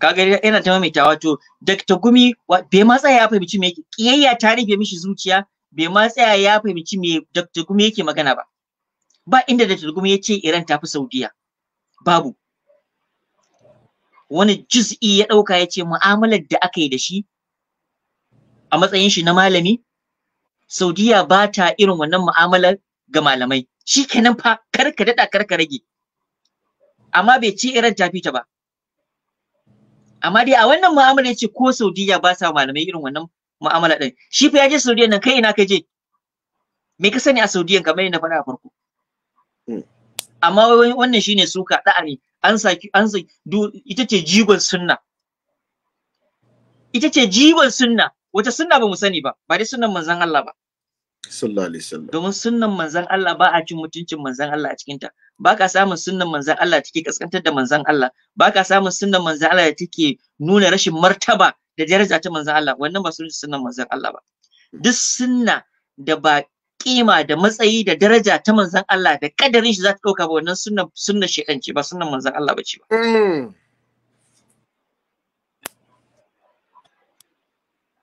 kaga yana ta maimaita wato Dr. Gumi bai ma tsaya ya fahimci me yake kiyayya ta rufe mishi zuciya bai ma tsaya ya fahimci me Dr. Gumi yake magana ba ba inda Dr. Gumi ya ce Iran ta fi Saudiya babu wani juz'i ya ɗauka ya ce mu'amalar da aka yi da shi a matsayin shi na malami Saudiya ba ta irin wannan mu'amalar ga malamai shi kenan fa kar ka daɗa rage amma bai ci Iran ta fita ba amma dai a wannan mu'amala ce ko Saudiya ba sa malamai irin wannan mu'amala din shi fa ya je Saudiya nan kai ina ka je me ka sani a Saudiya kamar yadda faɗa a farko hmm. amma wannan shine suka da'a ne an saki an saki ita ce jigon sunna ita ce jigon sunna wata sunna ba mu sani ba ba dai sunnan manzon Allah ba sallallahu alaihi wasallam domin sunnan manzon Allah ba a cin mutuncin manzon Allah a cikinta ba ka samun sunnan manzan Allah take kaskantar da manzan Allah ba ka samun sunnan manzan Allah da take nuna rashin martaba da daraja ta manzan Allah wannan ba sunan sunnan manzan Allah ba duk sunna da ba kima da matsayi da daraja ta manzan Allah da kadarin shi za ta dauka ba wannan sunnan sunnan shedan ce ba sunnan manzan Allah ba ce ba mm.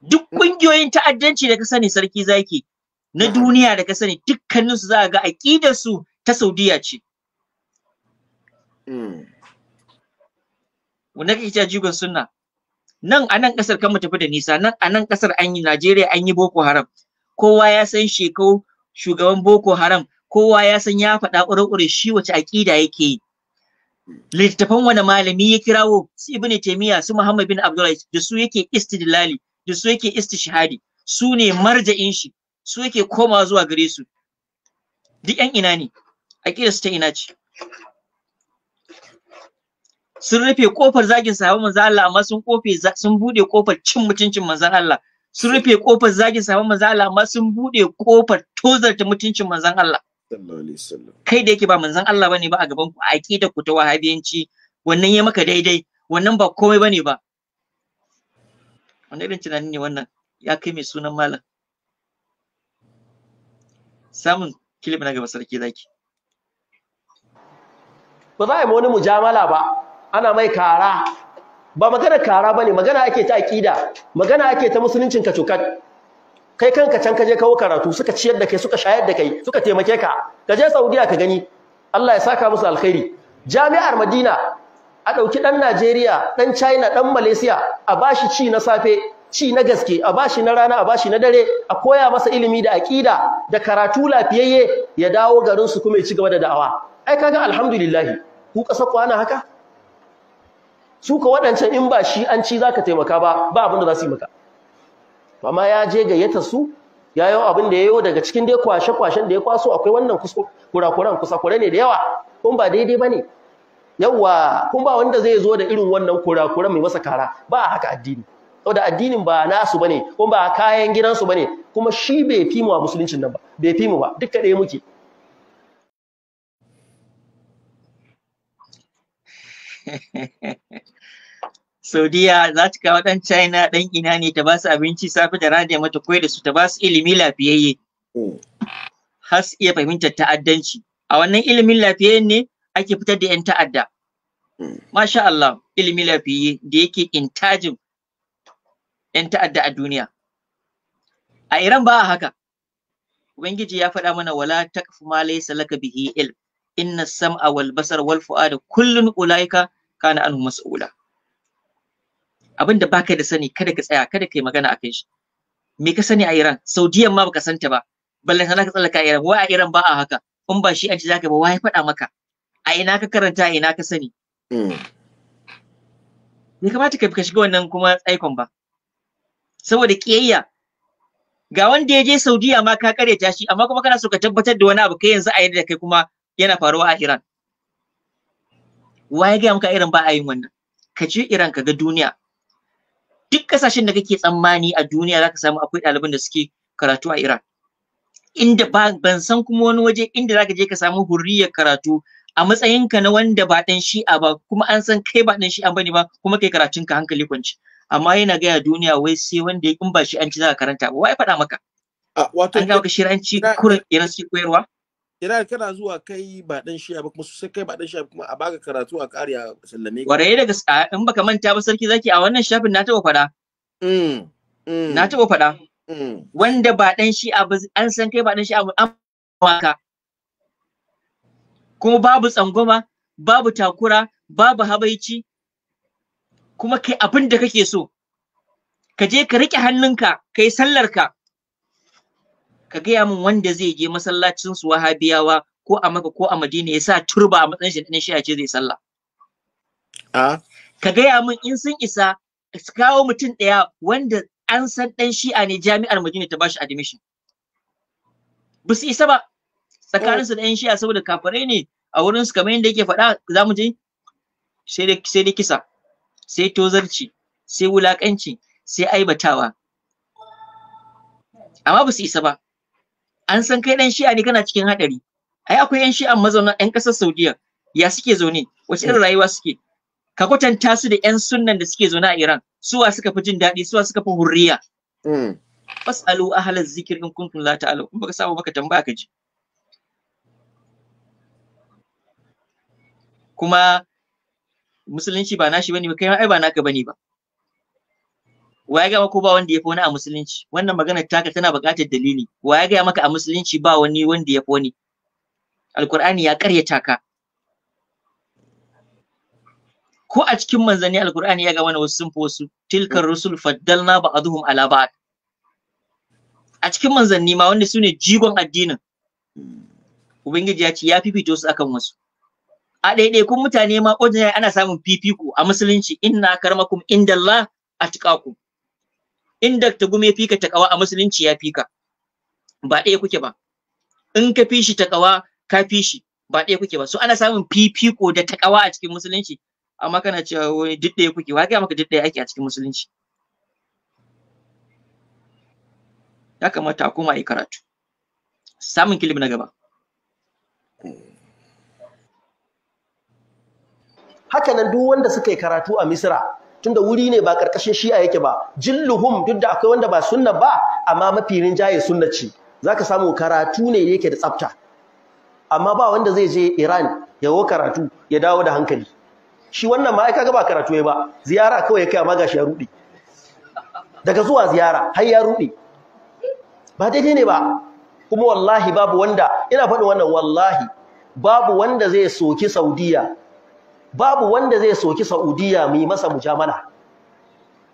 duk kungiyoyin ta'addanci da ka sani sarki zaki na duniya da ka sani dukkaninsu za a ga aƙidarsu ta saudiya ce Mm. wanda kake cewa jigon sunna nan a nan kasar kan mu tafi da nisa nan a nan kasar an yi Najeriya an yi Boko Haram kowa ya san shekau shugaban Boko Haram kowa ya san ya faɗa ƙure-ƙure shi wace aƙida yake yi littafan wani malami ya kirawo su ibn taymiya su muhammad bin abdullahi da su yake istidlali da su yake istishhadi su ne marja'in shi su yake komawa zuwa gare su duk yan ina ne aqidar su ta ina ce sun rufe kofar zagin sahabban manzon Allah amma sun kofe sun bude kofar cin mutuncin manzon Allah sun rufe kofar zagin sahabban manzon Allah amma sun bude kofar tozarta mutuncin manzon Allah kai da yake ba manzon Allah bane ba a gaban ku aqida ku ta wahabiyanci wannan ya maka daidai wannan ba komai bane ba wannan irin tunani ne wannan ya kai mai sunan malam samun kilib na gaba sarki zaki ba za a yi wani mujamala ba ana mai kara ba magana kara bane magana ake ta akida magana ake ta musuluncin ka cokat kai kanka can kaje kawo karatu suka ciyar da kai suka shayar da kai suka taimake ka kaje Saudiya ka gani Allah ya saka musu alkhairi jami'ar Madina a ɗauki ɗan Najeriya ɗan China ɗan Malaysia a bashi ci na safe ci na gaske a bashi na rana a bashi na dare a koya masa ilimi da aƙida da karatu lafiyayye ya dawo garin su kuma ya ci gaba da da'awa ai kaga alhamdulillah ku kasa kwana haka su ka waɗancan in ba shi an ci za ka taimaka ba ba abin da za su yi maka amma ya je gayyata su ya yau abin da ya yau daga cikin dai kwashe-kwashen da ya kwaso akwai wannan kurakuran kusakure ne da yawa kun ba daidai ba ne yawa kun ba wanda zai zo da irin wannan kurakuran mai masa kara ba a haka addini Da addinin ba nasu ba ne, kuma ba kayan gidansu bane kuma shi bai fi mu a musuluncin nan ba bai fi mu ba duka ɗaya muke (laughs) saudiya za ta kawo ɗan china ɗan ina ne ta ba su abinci safe da rana da mata koyar da su ta ba su ilimi lafiyayye mm. har su iya fahimtar ta'addanci a wannan ilimin lafiyayyen ne ake fitar da 'yan ta'adda mm. masha Allah ilimi lafiyayye da yake intajin 'yan ta'adda a duniya a iran ba haka ubangiji ya faɗa mana wala taqfu ma laysa laka bihi ilm inna sam'a wal basar wal fu'ada kullun ulaika kana anhu mas'ula abin da baka da sani kada ka tsaya kada kai magana akan shi me ka sani a Iran Saudiya ma baka santa ba balle sana ka tsallaka Iran wai a Iran ba a haka in ba shi an ci zaka ba wai faɗa maka a ina ka karanta a ina ka sani hmm. bai kamata ka shiga wannan kuma tsaikon ba saboda kiyayya ga wanda ya je Saudiya ma ka ta shi amma kuma kana so ka tabbatar da wani abu kai yanzu a yadda kai kuma yana faruwa a Iran wa ya gaya maka irin ba a yin wannan ka je iran ka ga duniya duk kasashen da kake tsammani a duniya zaka samu akwai ɗaliban da suke karatu a iran inda ba ban san kuma wani waje inda zaka je ka samu hurriyar karatu a matsayinka na wanda ba ɗan shi'a ba kuma an san kai ba ɗan shi'a bane ba kuma kai karatun ka hankali kwanci amma yana gaya duniya wai sai wanda in ba shi an ci za karanta ba wai faɗa maka an ga ka shiranci kurin iran suke koyarwa idan kana zuwa kai ba dan shiya ba kuma su sai kai ba dan shiya kuma a baka karatu a kare a sallame ka. da daga in baka manta ba sarki zaki a wannan shafin na fada mm, mm Na taba fada mm. Wanda ba dan shiya ba an san kai ba dan shiya ba ka, waka. Kuma babu tsangwama, babu takura, babu habaici, kuma kai abin da kake so. Ka je ka riƙe hannunka, ka yi sallarka, ka gaya min wanda zai je masallacin su wahabiyawa ko a maka ko a madina ya sa turba a matsayin shi ɗan shi ce zai sallah a ka gaya min in sun isa su kawo mutum ɗaya wanda an san ɗan shi'a ne jami'ar madina ta bashi admission ba su isa ba tsakanin su da ɗan shi'a saboda kafirai ne a wurin su kamar yadda yake faɗa za mu je sai dai kisa sai tozarci sai wulaƙanci sai aibatawa amma ba su isa ba an san kai dan shi'a ne kana cikin hadari ai akwai yan shi'a mazauna ƴan kasar saudiya ya suke zaune wace irin rayuwa suke ka kwatanta su da ƴan sunnan da suke zaune a iran suwa suka fi jin daɗi suwa suka fi hurriya hmm. fasalu ahlal zikir in kuntum la ta'lamun in baka samu baka tambaya ka ji kuma musulunci ba nashi bane kai ma ai ba naka bane ba wa ya gaya maka ba wanda ya fi wani a musulunci wannan magana taka tana buƙatar dalili wa ya gaya maka a musulunci ba wani wanda ya fi wani alkur'ani ya karyata ka ko a cikin manzanni alkur'ani ya ga na wasu sun fi wasu tilkar rusul faddalna a ala ba'd a cikin manzanni ma wanda su ne jigon addinin ubangiji ya ce ya fifito su akan wasu a kun mutane ma ƙojiya ana samun fifiko a musulunci inna karmakum indallah a tuƙaku in Dr. ya fika takawa a musulunci ya fika ba ɗaya kuke ba in ka fi shi takawa ka fi shi ba ɗaya kuke ba so ana samun fifiko da takawa a cikin musulunci amma kana cewa wani duk ɗaya kuke wa ga maka duk ɗaya ake a cikin musulunci ya kamata a koma yi karatu samun kilim na gaba haka nan duk wanda suka yi karatu a misra tunda wuri ne ba karkashin shi'a yake ba jilluhum duk da akwai wanda ba sunna ba amma mafi rinjaye sunna ce zaka samu karatu ne yake da tsafta amma ba wanda zai je Iran ya wo karatu ya dawo da hankali shi wannan ma ai kaga ba karatu yayi ba ziyara kawai ya kai amma gashi ya rudi daga zuwa ziyara har ya rudi ba daidai ne ba kuma wallahi babu wanda ina faɗin wannan wallahi babu wanda zai soki Saudiya babu wanda zai soki Saudiya mu yi masa mujamala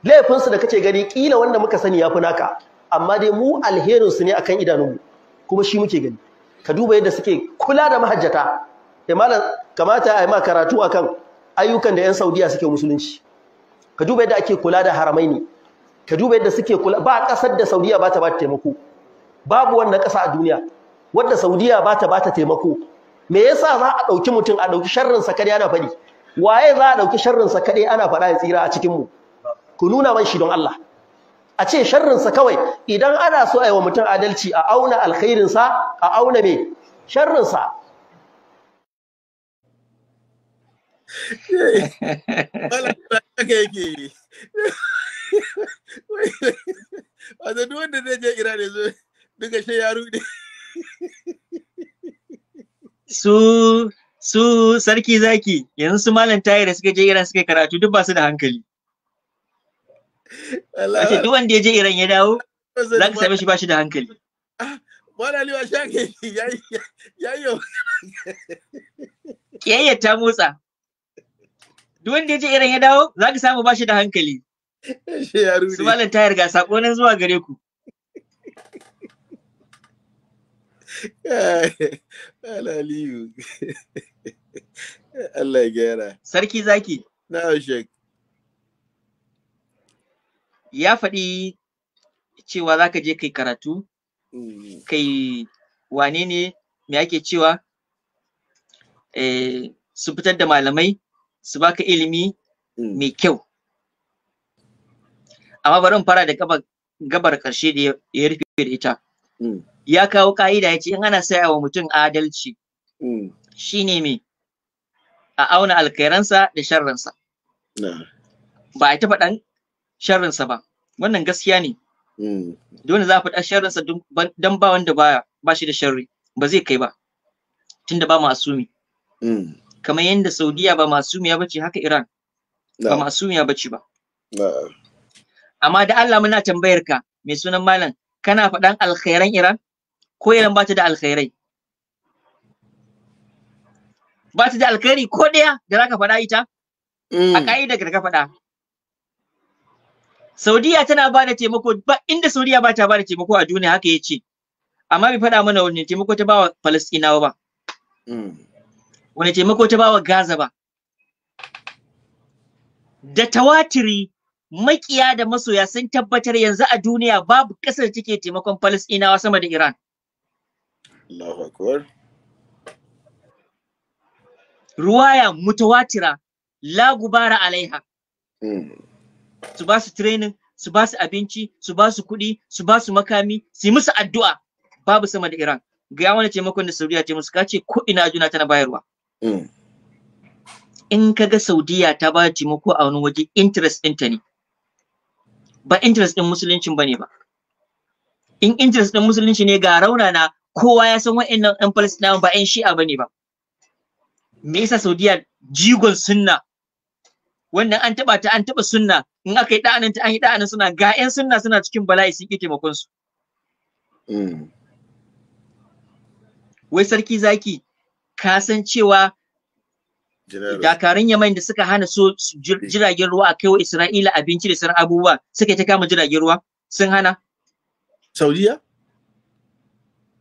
laifin su da kace gani kila wanda muka sani yafi naka amma dai mu alherin su ne akan idanunmu kuma shi muke gani ka duba yadda suke kula da mahajjata eh malam kamata ai ma karatu akan ayyukan da yan Saudiya suke musulunci ka duba yadda ake kula da haramaini ka duba yadda suke kula ba kasar da Saudiya ba ta ba taimako babu wannan kasa a duniya wanda Saudiya ba ta ba ta taimako me yasa za a dauki mutum a dauki sharrin sa na yana fadi waye za a ɗauki sharrinsa kaɗai ana faɗa ya tsira a cikinmu ku nuna man shi don Allah a ce sharrinsa kawai idan ana so a yi wa mutum adalci a auna alkhairinsa a auna me sharrinsa wanda duk wanda zai je iran yanzu duka shi ya rude su su sarki zaki yanzu su malam tayi da suka je Iran suka karatu duk ba su da hankali Wace duk wanda ya je Iran ya dawo za ka same shi ba shi da hankali Bwana ah, Liwa Shake yayo Kiyayyar ta motsa duk wanda ya je Iran ya dawo za ka samu ba shi da hankali Su malam tayi ga sako nan zuwa gare ku Alaliyu. (laughs) Allah ya gyara. Sarki zaki. Na shek. Ya faɗi cewa za ka je kai karatu, mm. kai wane ne me ake cewa eh, su fitar da malamai su baka ilimi mm. mai kyau. Amma bari fara da gabar ƙarshe da ya rufe da ita. Mm. Ya kawo ka'ida ya ce in ana sayawa mutum adalci. Shi ne me? a auna alkhairansa da sharrinsa ba a taɓa ɗan sharrinsa ba wannan gaskiya ne hmm. dole za a faɗa sharrinsa don ba wanda baya ba shi da sharri ba zai kai ba tunda ba masumi hmm. kamar yadda saudiya ba ya bace haka iran ba ya bace ba amma da Allah muna tambayar ka mai sunan malam kana faɗan alkhairan iran ko iran ba ta da alkhairai ba ta da alkhairi ko ɗaya da za ka faɗa ita a ka'idar mm. da ka faɗa Saudiya tana ba da taimako ba inda Saudiya ba ta ba da taimako a duniya haka ya ce amma bai faɗa mana wani taimako ta bawa Falastinawa ba mm. wani taimako ta bawa Gaza ba da tawatiri makiya da masoya sun tabbatar yanzu a duniya babu ƙasar da take taimakon Falastinawa sama da Iran Allahu akbar ruwaya mutawatira la gubara alaiha hmm. su ba su training su ba su abinci su ba su kuɗi su ba su makami su yi musu addu'a babu sama da Iran ga wani taimakon da Saudiya ce musu kace ko ina juna tana bayarwa hmm. in ka ga Saudiya ta ba taimako a wani waje interest ɗinta ne ba interest ɗin musuluncin bane ba in interest ɗin musulunci ne ga raunana kowa ya san wa'annan ɗan Falastinawa ba 'yan shi'a bane ba me yasa Saudiya jigon sunna wannan an taba ta an taba sunna in aka yi da'anin ta an yi da'anin suna ga 'yan sunna suna cikin bala'i sun ki taimakon su mm. wai sarki zaki ka san cewa dakarun yaman da suka hana so jiragen ruwa a kaiwa isra'ila abinci da sauran abubuwa suka ta kama jiragen ruwa sun hana saudiya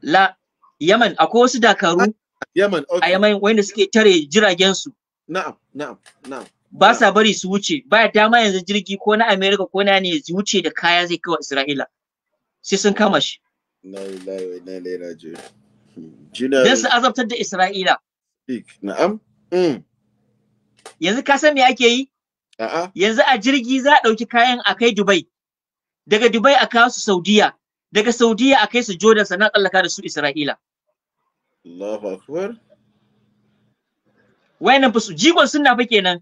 la yaman akwai wasu dakaru Yaman, okay. A Yaman wanda suke tare jiragen su. Na'am, na'am, na'am. Ba sa bari su wuce, ba ya dama yanzu jirgi ko na Amerika ko na ne su wuce da kaya zai kawo Isra'ila. Sai sun kama shi. Na lillahi na ilaihi raji'un. Dan su azabtar da Isra'ila. Na'am. Mm. Yanzu ka san me ake yi? A'a. Yanzu a jirgi za a ɗauki kayan a kai Dubai. Daga Dubai a kawo su Saudiya. Daga Saudiya a kai su Jordan sannan tsallaka da su Isra'ila. Allahu akbar. Wayannan su jigon sunna fa kenan.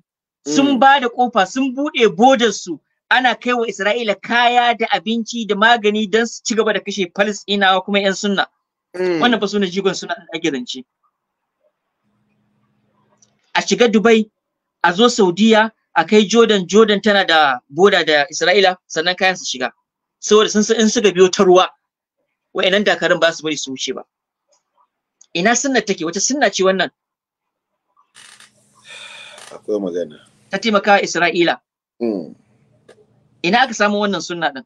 Sun mm. ba da kofa sun bude bodar su ana kai wa Isra'ila kaya da abinci da magani don su ci gaba da kashe Falistinawa kuma 'yan sunna. Mm. Wannan fa jigon sunna da ake zance. A shiga Dubai, a zo Saudiya, a kai Jordan, Jordan tana da boda da Isra'ila sannan kayan su shiga. Saboda sun san in suka biyo ta ruwa, wayannan dakarun ba su bari su wuce ba. ina sunna take wata sunna ce wannan akwai magana ta taimaka Isra'ila mm. ina aka samu wannan sunna din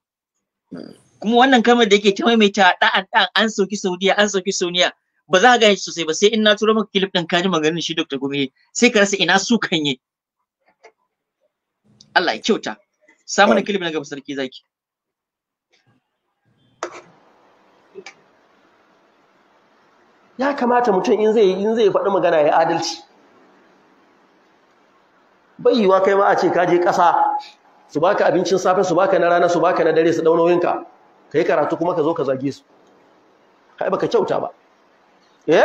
mm. kuma wannan kamar da yake ta maimaita da'an da'an an sauki Saudiya an sauki Sauniya ba za ka gane sosai ba sai in na turo maka clip din kaji maganin shi Dr. Gumi sai ka rasa ina su kanye Allah ya kyauta samu na clip na gaba sarki zaki ya kamata mutum in zai faɗi magana ya adalci bai wa kai ma a ce kaje ƙasa su baka abincin safe su baka na rana su baka na dare su daunoyinka ka yi karatu kuma ka zo ka zage su kai baka kyauta ba eh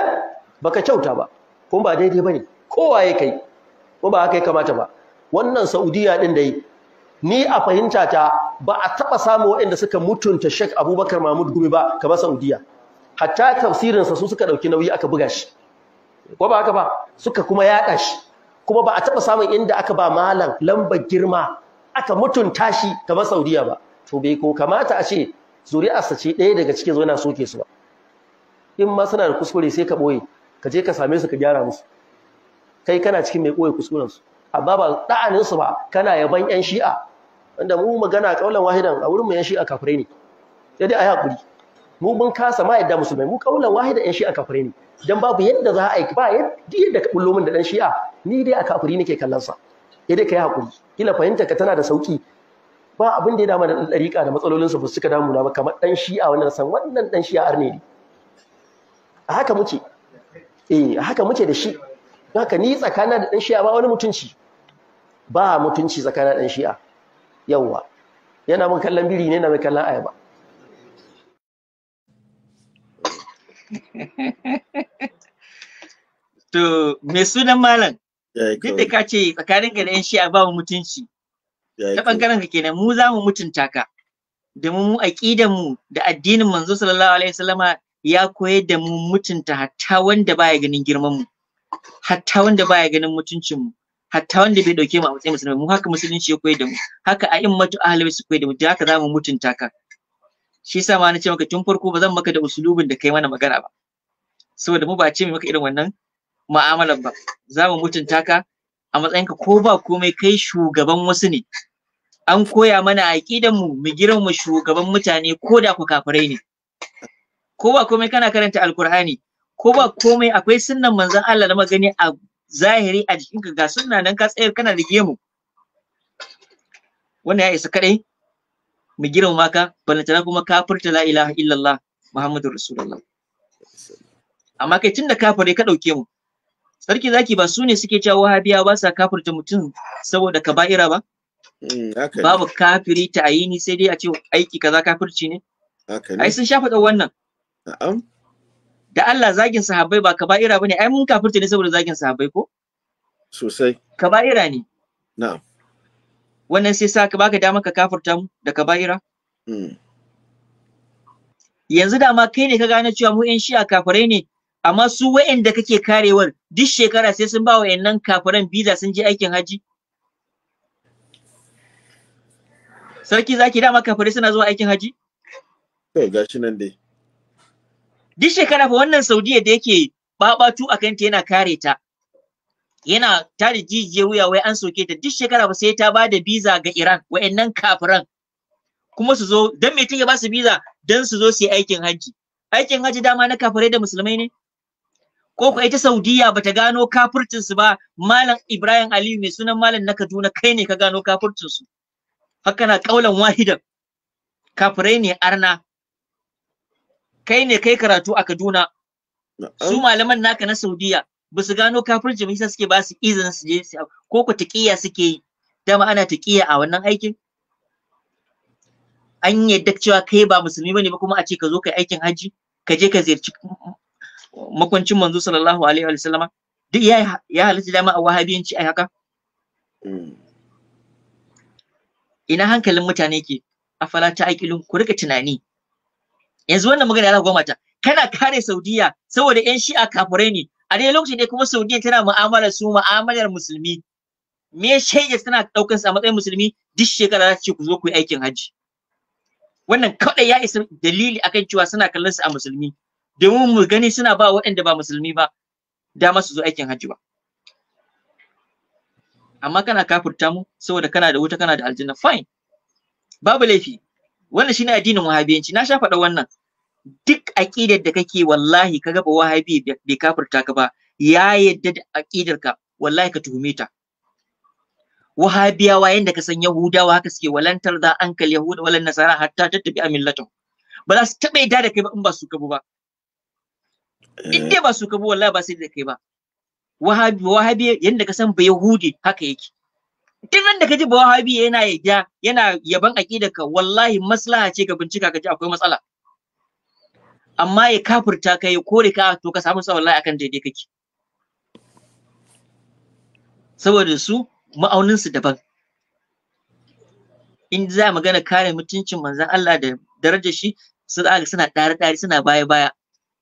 baka kyauta ba kuma ba daidai ba ne, kowa ya kai kuma ba haka ya kamata ba wannan saudiya da yi ni a fahimta ta ba a taɓa samu waɗanda suka mutunta Sheikh Abubakar Mahmud Gumi ba kamar Saudiya hatta tafsirinsa su suka ɗauki nauyi aka buga shi ko ba haka ba suka kuma yaɗa shi kuma ba a taɓa samun inda aka ba malam lambar girma aka mutunta shi kamar saudiya ba to bai ko kamata a ce zuri'arsa ce ɗaya daga cikin zo yana soke su ba in ma suna da kuskure sai ka ɓoye ka je ka same su ka gyara musu kai kana cikin mai ɓoye kuskurensu amma ba ɗa'aninsu ba kana yaban 'yan shi'a wanda mu magana ƙaunar wahidan a wurin mu 'yan shi'a kafirai ne sai dai a yi haƙuri mu mun kasa ma yadda musulmai mu kaula wahida ɗan shi'a kafire ne dan babu yadda za a yi ba yadda ka bullo min da dan shi'a ni dai a kafiri nake kallon sa sai dai kai hakuri kila fahimta ka tana da sauki ba abin da ya dama da ɗan ɗariƙa da matsalolinsu ba suka damu na ba kamar dan shi'a wanda na san wannan dan shi'a arne ne a haka muke eh a haka muke da shi haka ni tsakana da dan shi'a ba wani mutunci ba mutunci tsakana da shi'a yawwa yana mun kallon biri ne na mai kallon ayaba (laughs) To, mai sunan malam, duk da ka ce tsakanin ka da 'yan shi'a ba mu mutunci, ta ɓangaren ka kenan mu za mu mutunta ka, da mu aƙidan mu da addinin manzo sallallahu alaihi wasallama ya koyar da mu mutunta hatta wanda baya ganin girman mu, hatta wanda baya ganin mutuncin mu, hatta wanda bai ɗauke mu a matsayin musulmi mu haka musulunci ya koyar da mu, haka a'immatu ahlul su koyar da mu, da haka za mu mutunta ka. shi yasa ma na ce maka tun farko ba zan maka da usulubin da kai mana magana ba saboda mu ba ce mai maka irin wannan mu'amalar ba za mu mutunta ka a matsayinka ko ba komai kai shugaban wasu ne an koya mana aqidan mu mu mu shugaban mutane ko da ku kafirai ne ko ba komai kana karanta alkur'ani ko ba komai akwai sunnan manzon Allah da magani a zahiri a jikinka ga sunna nan ka tsayar kana rige mu wannan ya isa kadai mu girmama ka balantana kuma kafirta la ilaha illallah muhammadur rasulullah amma kai tunda kafare ka dauke mu sarki zaki ba su ne suke cewa wahabiya ba sa kafirta mutum saboda kaba'ira ba hmm, babu kafiri ta ayini sai dai a ce aiki kaza kafirci ne ai sun shafa faɗa wannan da Allah zagin sahabbai ba kaba'ira bane ai mun kafirta ne saboda zagin sahabbai ko sosai kaba'ira ne na'am wannan sai sa baka hmm. dama ka kafirta mu da bayira? yanzu da ma kai ne ka gane cewa mu yan shi'a kafirai ne amma su wa'anda kake karewar duk shekara sai sun ba nan kafiran biza sun je aikin haji sarki zaki dama kafirai suna zuwa aikin haji to gashi nan dai duk shekara fa wannan saudiya da yake babatu akan ta yana kare ta yana ta da jijiyar wuya wai an soke ta duk shekara ba sai ta ba da biza ga Iran wa'annan kafiran kuma su zo don me ya ba su biza dan su zo su yi aikin hajji aikin hajji dama na kafirai da musulmai ne ko ko ita Saudiya bata gano kafircin su ba malam Ibrahim Aliyu mai sunan malam na Kaduna kai ne ka gano kafircin su haka na kaulan wahidan kafirai ne arna kai ne kai karatu a Kaduna su malaman naka na Saudiya ba su gano kafirci ba suke ba su izinin su je ko ku taqiya suke yi dama ana taqiya a wannan aikin an yadda cewa kai ba musulmi bane ba kuma a ce ka zo kai aikin haji ka je ka ziyarci makwancin manzo sallallahu alaihi wa sallama duk ya ya halitta dama a wahabiyanci ai haka hmm. ina hankalin mutane ke afala ta aikilun ku rika tunani yanzu wannan magana goma ta kana kare saudiya saboda yan shi'a kafirai ne a dai lokacin dai kuma Saudiyya tana mu'amalar su mu'amalar musulmi me shaida tana daukar su a matsayin musulmi duk shekara za ce ku zo ku yi aikin hajji wannan kawai ya isa dalili akan cewa suna kallon su a musulmi domin mu gani suna ba waɗanda ba musulmi ba dama su zo aikin hajji ba amma kana kafurta mu saboda kana da wuta kana da aljanna fine babu laifi wannan shine addinin wahabiyanci na sha faɗa wannan duk aƙidar da kake wallahi ka gaba wahabi bai kafirta ka ba ya yadda da aƙidar ka wallahi ka tuhume ta wahabiyawa yanda ka san yahudawa haka suke walantar da ankal yahuda walan nasara hatta tattabi amillatu ba za su taɓa yadda da kai ba in ba su kabu ba in dai ba su kabu wallahi ba sai da kai ba wahabi wahabi yanda ka san ba yahudi haka yake duk da ka ji ba wahabi yana yadda yana yaban aqidar ka wallahi maslaha ce ka bincika ka ji akwai matsala amma ya kafirta ka ya kore ka to ka samu tsawon akan daidai kake saboda su ma'auninsu daban in za magana kare mutuncin manzan Allah da darajar shi su za suna ɗare ɗare suna baya baya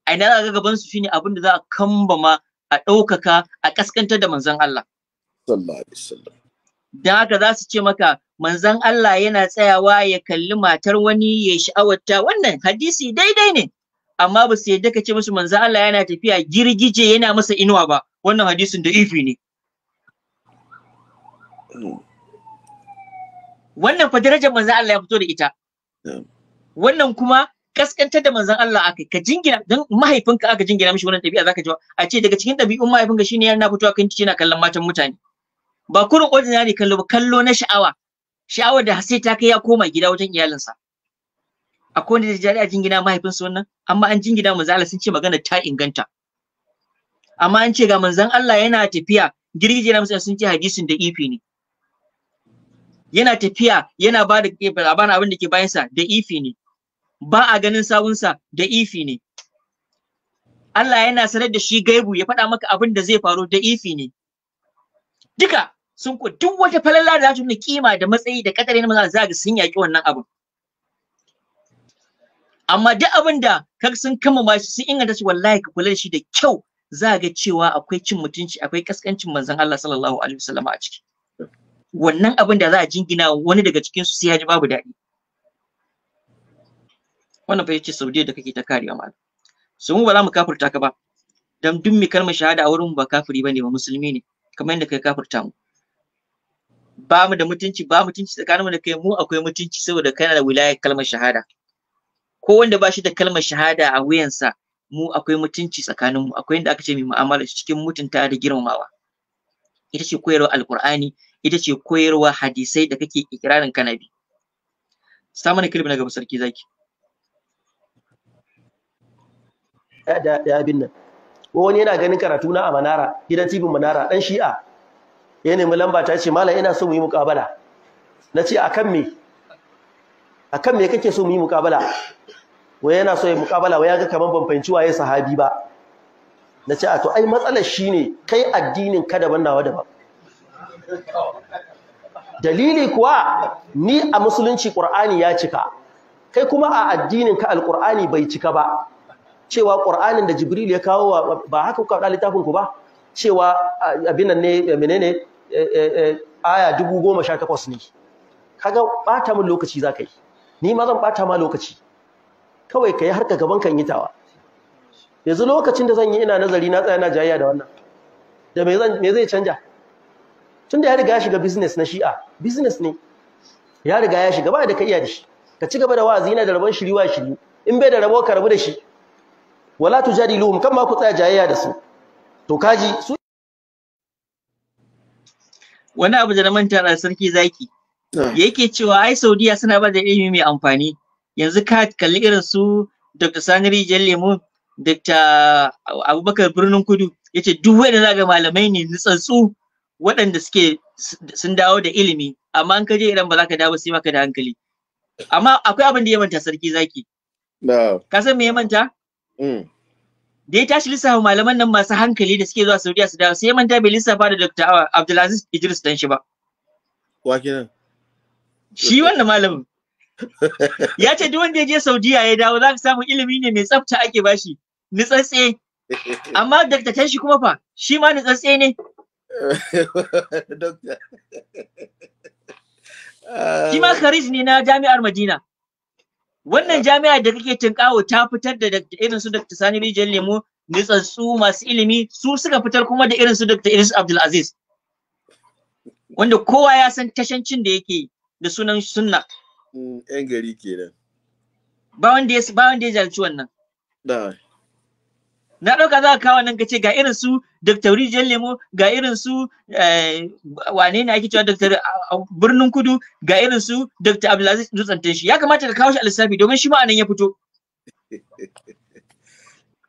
a ina za ga gaban su shine abin da za a kambama a ɗaukaka a ƙaskantar da manzan Allah don haka za su ce maka manzan Allah yana tsayawa ya kalli matar wani ya sha'awarta wannan hadisi daidai ne amma ba su yadda ka ce musu manzo Allah yana tafiya girgije yana masa inuwa ba wannan hadisin da ifi ne wannan fa darajar manzo Allah ya fito da ita wannan kuma kaskantar da manzon Allah aka ka jingina don mahaifinka aka jingina mishi wannan tabi'a zaka ji a ce daga cikin ɗabi'un mahaifinka shine yana fitowa kan titi yana kallon matan mutane ba kurin ordinary kallo ba kallo na sha'awa Sha'awa da sai ta kai ya koma gida wajen iyalinsa akwai wanda zai a jingina mahaifinsa wannan amma an jingina manzan Allah sun ce magana ta inganta amma an ce ga manzan Allah yana tafiya girgije na musulmi sun ce hadisin da ifi ne yana tafiya yana ba da labarin abin da ke bayansa da ifi ne ba a ganin sawunsa da ifi ne Allah yana sanar da shi gaibu ya faɗa maka abin da zai faru da ifi ne duka sun ku duk wata falala da za ta kima da matsayi da kadari na maza za ga sun yaƙi wannan abin amma duk abin da kar sun kama ma shi sun inganta shi wallahi ka kula da shi da kyau za ga cewa akwai cin mutunci akwai kaskancin manzon Allah sallallahu alaihi wasallam a ciki wannan abin da za a jingina wani daga cikin su sai ya ji babu daɗi wannan fa yace Saudiya da kake ta kariya ma su mu ba za mu kafirta ka ba dan duk mi kalmar shahada a wurin mu ba kafiri bane ba musulmi ne kamar yadda kai kafirta mu ba mu da mutunci ba mutunci tsakanin mu da kai mu akwai mutunci saboda kana da wilayar kalmar shahada ko wanda ba shi da kalmar shahada a wuyansa mu akwai mutunci tsakanin mu akwai inda aka ce mai mu'amala cikin mutunta da girmamawa ita ce koyarwa alqur'ani ita ce koyarwa hadisai da kake ikirarin kanabi. bi samu ne na gaba sarki zaki da ya abin nan wani yana ganin karatu na a manara gidan tibin manara dan shi'a ya nemi lamba ta ce malam ina so mu yi muƙabala na ce akan me akan me kake so mu yi muƙabala wai yana so ya muƙabala wai ya ga kamar ban fahimci waye sahabi ba na a to ai matsalar shine kai addinin ka daban nawa daban dalili kuwa ni a musulunci qur'ani ya cika kai kuma a addinin ka alqur'ani bai cika ba cewa qur'anin da jibril ya kawo ba haka kuka faɗa littafin ku ba cewa abin nan ne menene eh, eh, eh, aya 1018 ne kaga bata min lokaci zakai ni ma zan bata ma lokaci kawai ka yi harka gaban kan yitawa yanzu lokacin da zan yi ina nazari na tsaya na jayayya da wannan da me zai canja tun da ya riga ya shiga business na shi'a business ne ya riga ya shiga ba da ka iya da shi ka ci gaba da wa'azi yana da rabon shiriwa shiri in bai da rabo ka rabu da shi wala tujadiluhum kan ma ku tsaya jayayya da su to kaji su wani abu da na manta na sarki zaki ah. yake cewa ai Saudiya suna ba da ilimi mai amfani yanzu ka kalli irin su Dr. Sani Jan Lemu, Dr. Abubakar Birnin Kudu, ya ce duk wanda za ga malamai ne nutsatsu waɗanda suke sun dawo da ilimi, amma an kaje idan ba za ka dawo sai maka da hankali. Amma akwai abin da ya manta sarki zaki. Ka san me ya manta? Mm. Da ya tashi lissafa malaman nan masu hankali da suke zuwa Saudiya su dawo sai ya manta bai lissafa da Dr. Abdulaziz Idris dan shi ba. Wa kenan? Shi wannan malamin. ya ce duk wanda ya je saudiya ya dawo za ka samu ilimi ne mai tsafta ake bashi nitsatse amma dakta tashi kuma fa shi ma nitsatse ne (laughs) ah. shi ma kharij ne na jami'ar madina wannan ah. jami'a da kake tunkawo ta fitar da irin su dakta sani rijiyar lemo nitsatsu masu ilimi su suka fitar kuma da irin su dakta iris abdulaziz wanda kowa ya san tashancin da yake da sunan sunna 'yan mm, gari kenan. Ba wanda ya ba wanda ya jarci wannan. Da. Na ɗauka za ka kawo nan ka ce ga irin su Dr. Rijiyar Lemo, ga irin su eh, wane ne ake cewa Dr. Birnin Kudu, ga irin su Dr. Abdulaziz Dutsen shi. Ya kamata ka kawo shi a lissafi domin shi ma anan ya fito.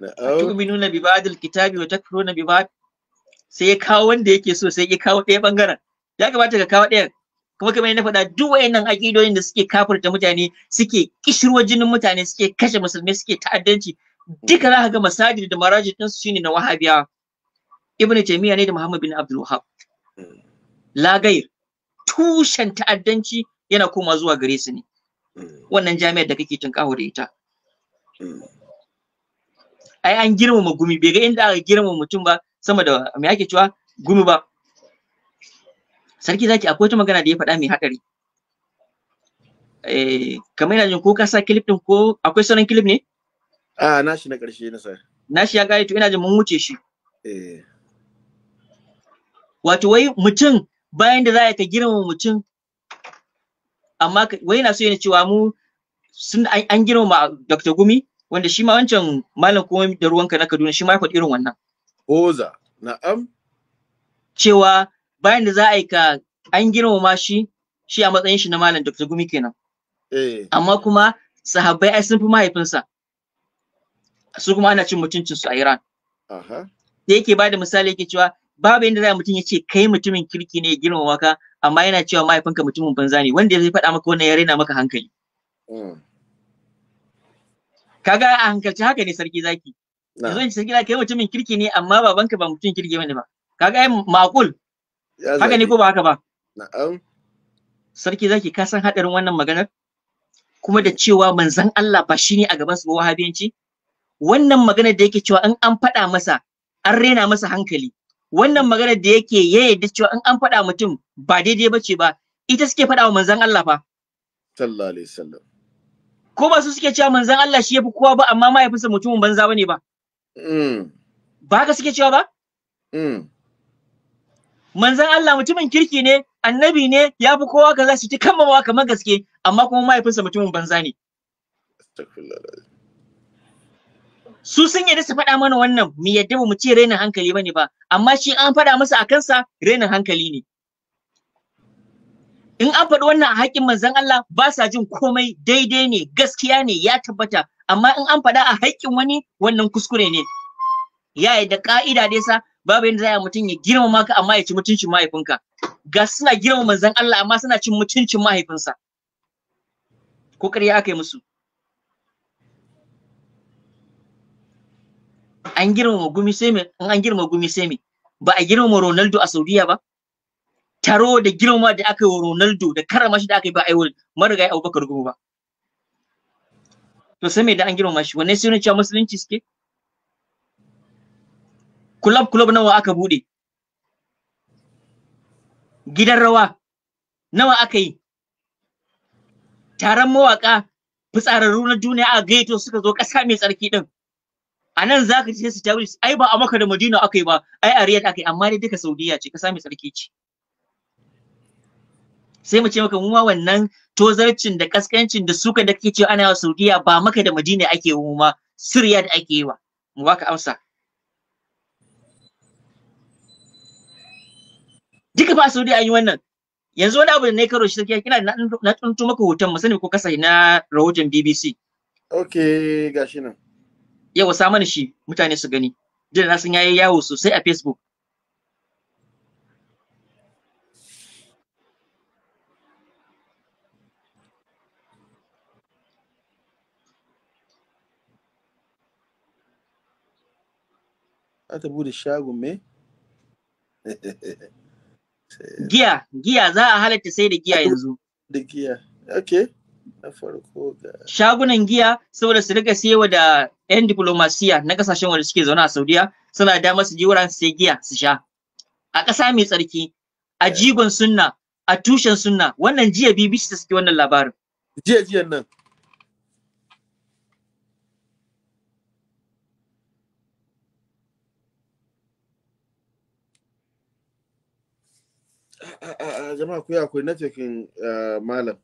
(laughs) na bi dal, kitabi wa na bi ba. Sai ya kawo wanda yake so sai ya kawo ɗaya bangaren. Ya kamata ka kawo ɗayan. kuma kamar na faɗa duk wayannan aƙidoyin da suke kafirta mutane suke kishirwa jinin mutane suke kashe musulmai suke ta'addanci duka za ka ga masajid da marajid din su shine na wahabiya ibnu jamiya ne da muhammad bin abdul wahab lagayr tushen ta'addanci yana koma zuwa gare su ne wannan jami'ar da kake kawo da ita ai an girmama gumi bai ga inda aka girmama mutum ba sama da me ake cewa gumi ba sarki zaki akwai wata magana da ya faɗa mai haɗari eh kamar yana jin ko ka sa clip din ko akwai sauran clip ne a nashi na ƙarshe na sa nashi ya gaya to ina jin mun wuce shi eh wato wai mutum bayan da za ka girmama mutum amma wai na so yana cewa mu sun an girmama Dr. Gumi wanda shi ma wancan malam komai da ruwanka na Kaduna shi ma ya faɗi irin wannan oza na'am cewa bayan da za a yi ka an girmama shi shi a matsayin shi na malam Dr. Gumi kenan. Eh. Amma kuma sahabbai ai sun fi mahaifinsa. Su kuma ana cin mutuncin su a Iran. Da yake ba da misali yake cewa babu yadda za mutum ya ce kai mutumin kirki ne ya girmama ka amma yana cewa mahaifinka mutumin banza ne wanda zai faɗa maka wannan ya raina maka hankali. Mm. Kaga a hankalci haka ne sarki zaki. Yanzu sarki zaki kai mutumin kirki ne amma babanka ba mutumin kirki bane ba. Kaga ai makul haka ne ko ba haka ba na'am sarki zaki ka san hadarin wannan maganar kuma da cewa manzon Allah ba shine a gaban su ba wahabiyanci wannan maganar da yake cewa in an faɗa masa an rena masa hankali wannan maganar da yake ya da cewa in an faɗa mutum ba daidai bace ba ita suke fada wa manzon Allah fa sallallahu alaihi wasallam ko ba su suke cewa manzon Allah shi yafi kowa ba amma mahaifinsa mutumin banza bane ba mm ba ka suke cewa ba mm manzon Allah mutumin kirki ne annabi ne ya fi kowa kaza su ci kammawa kamar gaske amma kuma mahaifinsa mutumin banza ne su sun yadda su faɗa mana wannan mu yadda mu ce rainin hankali bane ba amma shi an faɗa masa a kansa rainin hankali ne in an faɗi wannan a haƙƙin manzon Allah ba sa jin komai daidai ne gaskiya ne ya tabbata amma in an faɗa a haƙƙin wani wannan kuskure ne ya da ƙa'ida dai sa babu yadda za a mutum ya girmama ka amma ya ci mutuncin mahaifinka ga suna girma manzon Allah amma suna cin mutuncin mahaifinsa ko ƙarya aka yi musu an girmama gumi sai me in an girmama gumi sai me ba a girmama Ronaldo a Saudiya ba taro da girmama da aka yi wa Ronaldo da karama shi da aka yi ba a yi wa marigayi Abubakar Gumi ba to sai me da an girmama shi wanne sai ne cewa musulunci suke Kulab kulab nawa aka bude? Gidan rawa nawa aka yi? Taron mawaka fitsararru na duniya a gaito suka zo kasa mai tsarki din. A nan za ka ce su ai ba a maka da Madina aka yi ba, ai a riyad aka yi amma dai duka Saudiya ce ƙasa mai tsarki ce. Sai mu ce maka mu ma wannan tozarcin da kaskancin da suka da kake cewa ana yawa Saudiya ba maka da Madina ake yi ma, Suriya da ake yi wa. Mu baka amsa. duka ba Saudi an yi wannan yanzu wani abu da na karo shi sarki kina na tuntu maka hoton mu sani ko kasai na rahoton BBC okay gashi nan yawa sa mana shi mutane su gani da na san yayi yawo sosai a Facebook za bude shagon me? (laughs) giya giya za a halatta sai da giya yanzu da giya okay na farko ga shagunan giya saboda su rika siyewa da yan diplomasiya na kasashen wanda suke zaune a Saudiya suna da su je wuraren sai giya su sha a ƙasa mai tsarki a jigon sunna a tushen sunna wannan jiya BBC ta saki wannan labarin jiya jiyan nan a jama'a ku akwai na cikin malam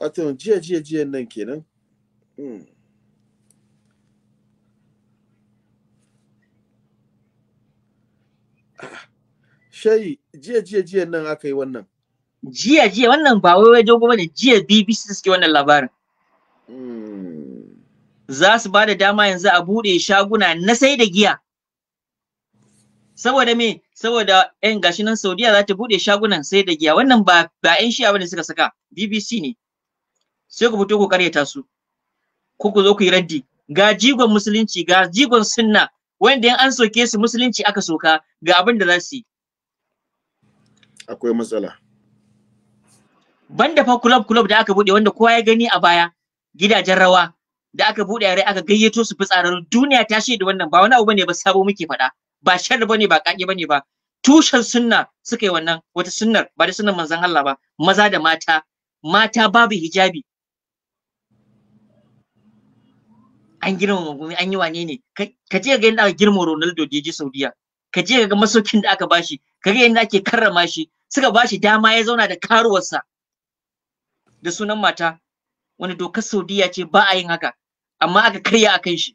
wato jiya jiya jiya, nan kenan hmm. shayi jiya jiya jiya, nan aka yi wannan jiya jiya wannan ba wai wajen goma bane jiya BBC suke wannan labarin hmm. za su ba da dama yanzu a buɗe shaguna na sai da giya saboda me saboda yan gashi nan Saudiya za ta bude shagunan sai da giya wannan ba ba yan shiya bane suka saka BBC ne sai ku fito ku karyata su ku ku zo ku yi raddi ga jigon musulunci ga jigon sunna wanda yan an soke su musulunci aka soka ga abin da za su yi akwai matsala banda fa club club da aka bude wanda kowa ya gani a baya gidajen rawa da aka bude yare aka gayyato su fitsarar duniya ta shaida wannan ba wani abu bane ba sabo muke faɗa ba sharri bane ba kaki bane ba tushen sunna suka yi wannan wata sunnar ba da sunnar manzon Allah ba maza da mata mata babu hijabi an girmama gumi an yi wane ne ka je ga yadda aka girma Ronaldo da je Saudiya ka je ga masaukin da aka bashi ka ga yadda ake karrama shi suka bashi dama ya zauna da karuwarsa da sunan mata wani dokar Saudiya ce ba a yin haka amma aka karya akan shi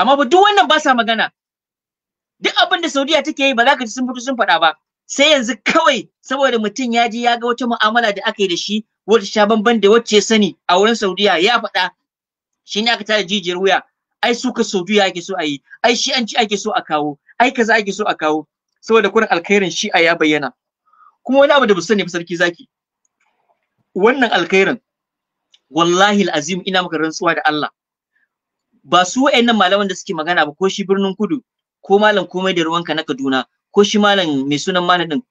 amma ba duk wannan ba sa magana duk abin da Saudiya take yi ba za ka ji sun fito sun faɗa ba sai yanzu kawai saboda mutum ya ji ya ga wata mu'amala da aka yi da shi wata sha bamban da wacce ya sani a wurin Saudiya ya faɗa shi ne aka tada jijiyar wuya ai suka Saudiya ake so a yi ai shi an ci ake so a kawo ai kaza ake so a kawo saboda kurin alkhairin shi a ya bayyana kuma wani abu da bu sani ba sarki zaki wannan alkhairin wallahi alazim ina maka rantsuwa da Allah ba su wa'annan malaman da suke magana ba ko shi birnin kudu ko malam komai da ruwanka na kaduna ko shi malam mai sunan malam din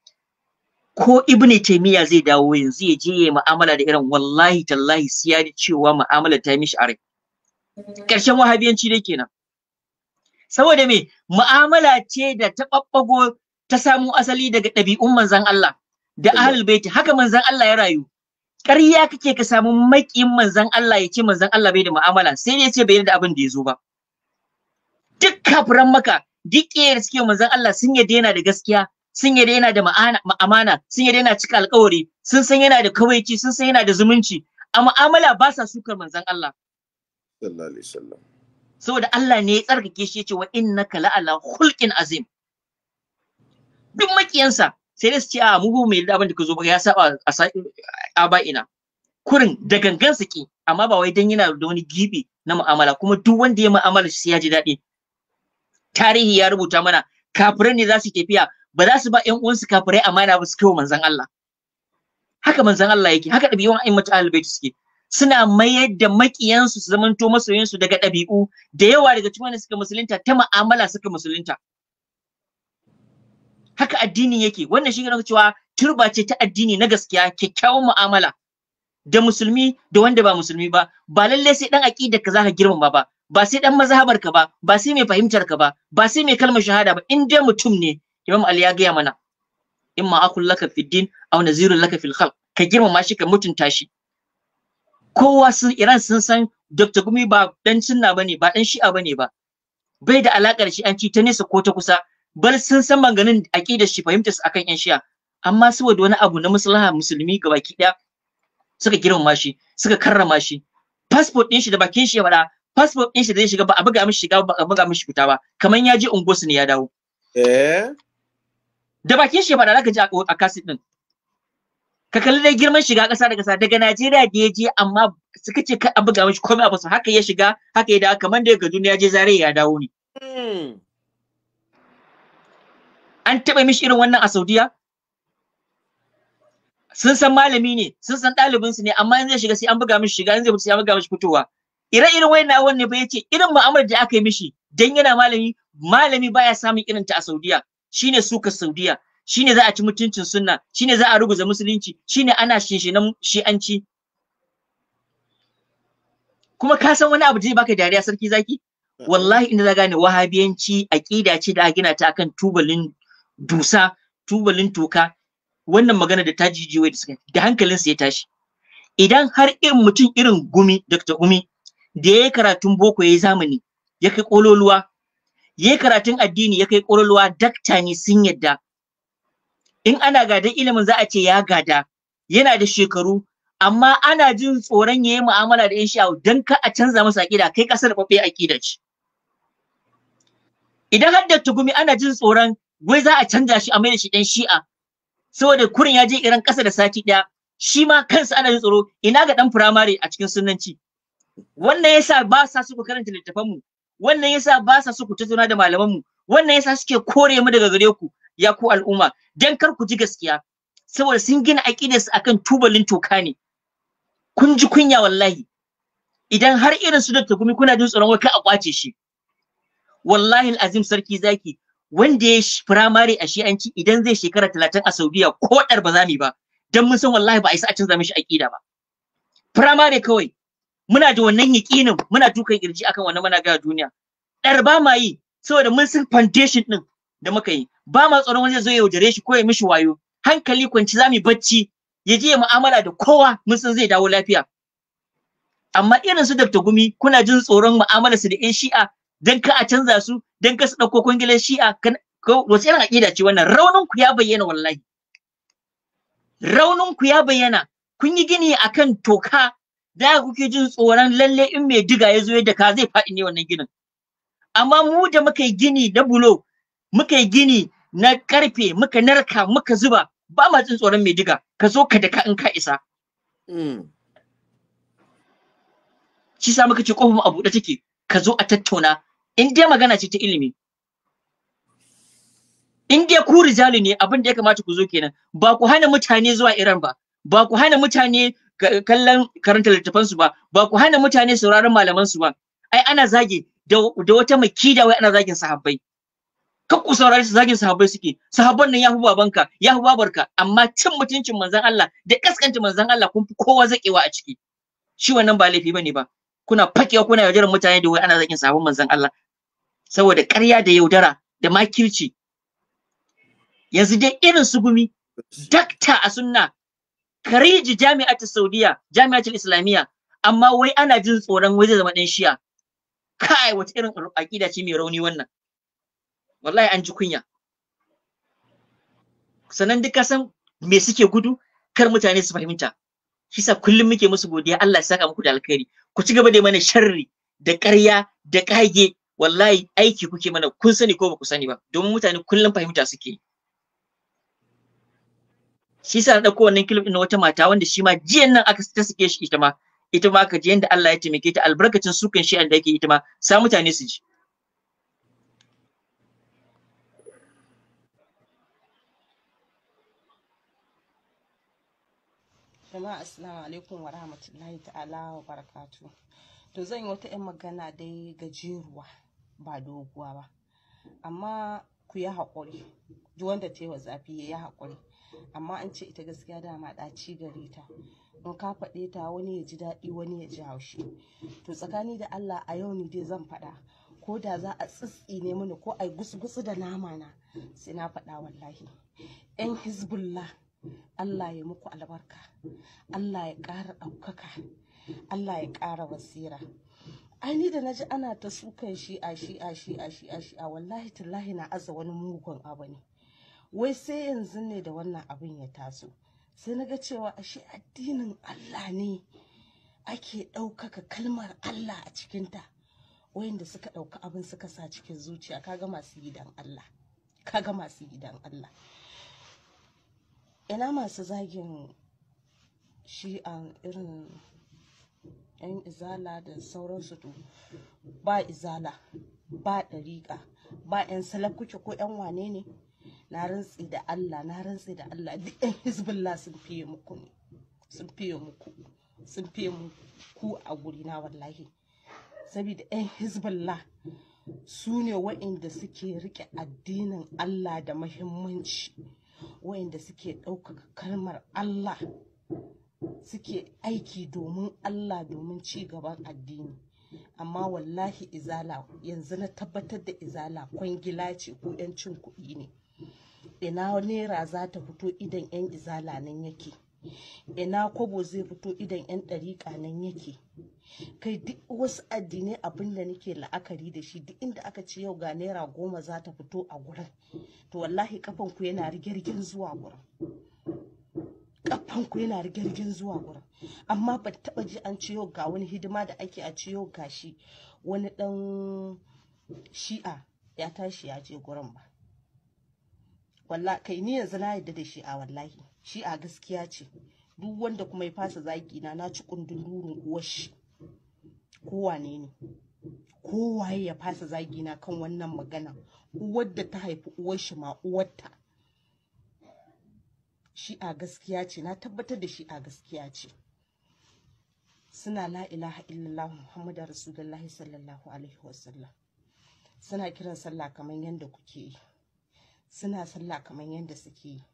ko ibni taymiya zai dawo yanzu ya je ya mu'amala da irin wallahi tallahi siya da cewa mu'amala ta mishi a rai. ƙarshen wahabiyanci dai kenan saboda me mu'amala ce da ta babbago ta samu asali daga ɗabi'un manzan Allah da ahlul baiti haka manzan Allah ya rayu ƙarya kake ka samu maƙiyin manzan Allah ya ce manzan Allah bai da mu'amala sai dai ya ce bai da abin da ya zo ba duk kafiran maka duk ƙiyar suke manzan Allah sun yarda yana da gaskiya sun yarda yana da amana sun yarda yana cika alƙawari sun san yana da kawaici sun san yana da zumunci a mu'amala ba sa sukar manzan Allah sallallahu alaihi wasallam saboda Allah ne ya tsarkake shi ya ce wa innaka la'ala khulqin azim duk makiyansa sai dai su ce ah, a mugu mai da abin da ka zo ba ya saba a Ina. kurin da gangan su ki amma ba wai dan yana da wani gibi na mu'amala kuma duk wanda ya mu'amala shi ya ji daɗi tarihi ya rubuta mana kafirai ne za su tafiya ba za su ba ƴan uwansu kafirai amana ba su kai manzon Allah haka manzon Allah yake haka ɗabi'un ayyuka albayti suke suna mayar da makiyansu su zamanto masoyinsu daga ɗabi'u da yawa daga cikin wanda suka musulunta ta mu'amala suka musulunta haka addini yake wannan shi ne cewa turba ce ta addini na gaskiya kyakkyawan mu'amala da musulmi da wanda ba musulmi ba ba lalle sai dan aqidar ka zaka girmama ba ba sai dan mazhabar ka ba ba sai mai fahimtar ka ba ba sai mai kalmar shahada ba in dai mutum ne Imam Ali ya gaya mana imma akul laka fid din aw nazirul laka fil khalq ka girmama shi ka mutunta shi kowa sun Iran sun san Dr. Gumi ba dan sunna bane ba dan shi'a bane ba bai da alakar shi an ci ta nesa ko ta kusa bal sun san maganin aƙidar shi fahimtar su akan yan shi'a amma saboda wani abu na maslaha musulmi ga baki ɗaya suka girmama shi suka karrama shi passport ɗin shi da bakin shi ya faɗa passport ɗin shi da zai shiga ba a buga mishi shiga ba a buga mishi fita ba kamar ya je unguwarsu ne ya dawo eh da bakin shi ya faɗa zaka ji a kasit ɗin ka kalli dai girman shiga ƙasa da ƙasa daga Najeriya da ya je amma suka ce ka buga mishi komai a fasu haka ya shiga haka ya dawo kamar da ya ga duniya je zare ya dawo ne hmm. an taɓa mishi irin wannan a Saudiya? Sun san malami ne, sun san ɗalibinsu ne, amma in zai shiga sai an buga mishi shiga, in zai fita sai an buga mishi fitowa. Ire-iren wayan na ne ya yace irin mu'amalar da aka yi mishi dan yana malami, malami baya samun irin ta a Saudiya. Shine suka Saudiya, shine za a ci mutuncin sunna, shine za a ruguza musulunci, shine ana shinshinan shi'anci. Kuma ka san wani abu da zai baka dariya sarki zaki? wallahi inda za gane wahabiyanci aƙida ce da a gina ta akan tubalin dusa tubalin toka wannan magana da ta jijiyoyi da suka da hankalin su ya tashi idan har irin mutum irin gumi dr gumi da ya yi karatun boko ya yi zamani ya kai kololuwa ya yi karatun addini ya kai kololuwa dakta ne sun yadda in ana gadan ilimin za a ce ya gada yana da shekaru amma ana jin tsoron ya yi mu'amala da 'yan sha'awu don ka a canza masa aƙida kai ƙasar babbe aƙida ce idan har da tugumi ana jin tsoron wai za a canza shi a mai shi dan shi'a saboda kurin ya je iran ƙasa da sati ɗaya shi ma kansa ana jin tsoro ina ga dan firamare a cikin sunanci wannan yasa ba sa su ku karanta littafanmu wannan yasa ba sa su ku tattauna da malamanmu wannan yasa suke kore mu daga gare ku ya ku al'umma dan kar ku ji gaskiya saboda sun gina aƙidar su akan tubalin toka ne kun ji kunya wallahi idan har irin su da gumi kuna jin tsoron wai kai a kwace shi wallahi azim sarki zaki wanda ya firamare a shi'anci idan zai shekara talatin a saudiya ko ɗar ba za mu ba don mun san wallahi ba a isa a canza mishi aƙida ba firamare kawai muna da wannan yaƙinin muna tukan kirji akan wannan muna ga duniya ɗar ba ma yi saboda mun san foundation ɗin da muka yi ba ma tsoron wani zai yaudare shi ko ya mishi wayo hankali kwanci za mu bacci ya je ya mu'amala da kowa mun san zai dawo lafiya amma irin su dabta Gumi kuna jin tsoron mu'amalarsu da 'yan shi'a dan ka a canza su dan ka su ɗauko kwangilar shi'a kan wasu irin aƙida ce wannan raunin ku ya bayyana wallahi raunin ku ya bayyana kun yi gini akan toka da kuke jin tsoron lalle in mai diga ya zo yadda ka zai faɗi ne wannan ginin amma mu da muka yi gini na bulo muka yi gini na karfe muka narka muka zuba ba ma jin tsoron mai diga ka zo ka daka in ka isa hmm. shi sa muka ce kofar a buɗe take ka zo a tattauna in dai magana ce ta ilimi in dai ku rijali ne abin da ya kamata ku zo kenan ba ku hana mutane zuwa Iran ba ba ku hana mutane kallon karanta littafansu ba ba ku hana mutane sauraron malamansu ba ai ana zagi da wata kida wai ana zagin sahabbai kan ku saurari su zagin sahabbai suke sahabban nan ya babanka ya babarka amma cin mutuncin manzon Allah da kaskanta manzon Allah kun fi kowa zakewa a ciki shi wannan ba laifi bane ba kuna fakewa kuna yaudarar mutane da wai ana zagin sahabban manzon Allah saboda ƙarya da yaudara da makirci yanzu dai irin su gumi dakta a sunna kariji jami'at saudiya jami'atul islamiyya amma wai ana jin tsoron wai zai zama ɗan shi'a kai wata irin aƙida ce mai rauni wannan wallahi an ji kunya sannan duk ka san me suke gudu kar mutane su fahimta shi sa kullum muke musu godiya Allah ya saka muku da alkhairi ku ci gaba da mana sharri da ƙarya da ƙage wallahi aiki kuke mana kun sani ko baku sani ba domin mutane kullum fahimta suke shi sa na dauko wannan clip din wata mata wanda shi ma jiyan nan aka ta sike shi ita ma ita ma ka ji yanda Allah ya taimake ta albarkacin sukan shi da yake ita ma sa mutane su ji jama'a assalamu alaikum wa rahmatullahi ta'ala wa barakatuh to zan yi wata 'yan magana dai gajeruwa ba doguwa ba amma ku yi haƙuri duk wanda ta yi wa zafi ya yi haƙuri amma an ce ita gaskiya dama ɗaci gare ta in ka faɗe ta wani ya ji daɗi wani ya ji haushi to tsakani da Allah a yau ni dai zan faɗa ko da za a tsitsi ne mini ko a yi gusgusu da nama na sai na faɗa wallahi yan hizbullah Allah ya muku albarka Allah ya ƙara ɗaukaka Allah ya ƙara basira ai ni da na ji ana ta sukan shi a shi a shi a shi a shi a wallahi tallahi na aza wani mugun abu ne wai sai yanzu ne da wannan abin ya taso sai na ga cewa shi addinin Allah ne ake ɗaukaka kalmar Allah a cikinta wayanda suka ɗauka abin suka sa cikin zuciya kaga masu gidan Allah kaga masu gidan Allah ina masu zagin shi a irin 'yan izala da sauransu to ba izala ba ɗariƙa ba 'yan salakuki ko 'yan wane ne na rantsi da Allah na rantsi da Allah duk 'yan hizbullah sun fiye muku ne sun fiye muku sun fiye muku a guri na wallahi saboda 'yan hizbullah su ne waɗanda suke rike addinin Allah da muhimmanci waɗanda suke ɗaukaka kalmar Allah suke aiki domin Allah domin ci gaban addini amma wallahi izala yanzu na tabbatar da izala kwangila ce ko 'yancin kuɗi ne ina naira za ta fito idan 'yan izala nan yake ina kobo zai fito idan 'yan ɗariƙa nan yake kai duk wasu addinai abin da nake la'akari da shi duk inda aka ce yau ga naira goma za ta fito a gurin to wallahi ƙafanku yana rige-rigen zuwa gurin tanko yana rigirgin zuwa wurin amma ban taba ji an ciyo ga wani hidima da ake a ciyo ga shi wani dan shi'a ya tashi ya je gurin ba wallahi kai ni yanzu na yadda da a wallahi shi'a gaskiya ce duk wanda kuma ya fasa zaki na na ci kundin durin shi kowa ne ne kowaye ya fasa zagi na kan wannan magana uwar da ta haifi uwar shi ma uwarta shi'a gaskiya ce na tabbatar da shi'a gaskiya ce suna la ilaha illallah muhammadu rasulullahi sallallahu alaihi wasallam suna kiran sallah kamar yadda kuke yi suna sallah kamar yadda suke yi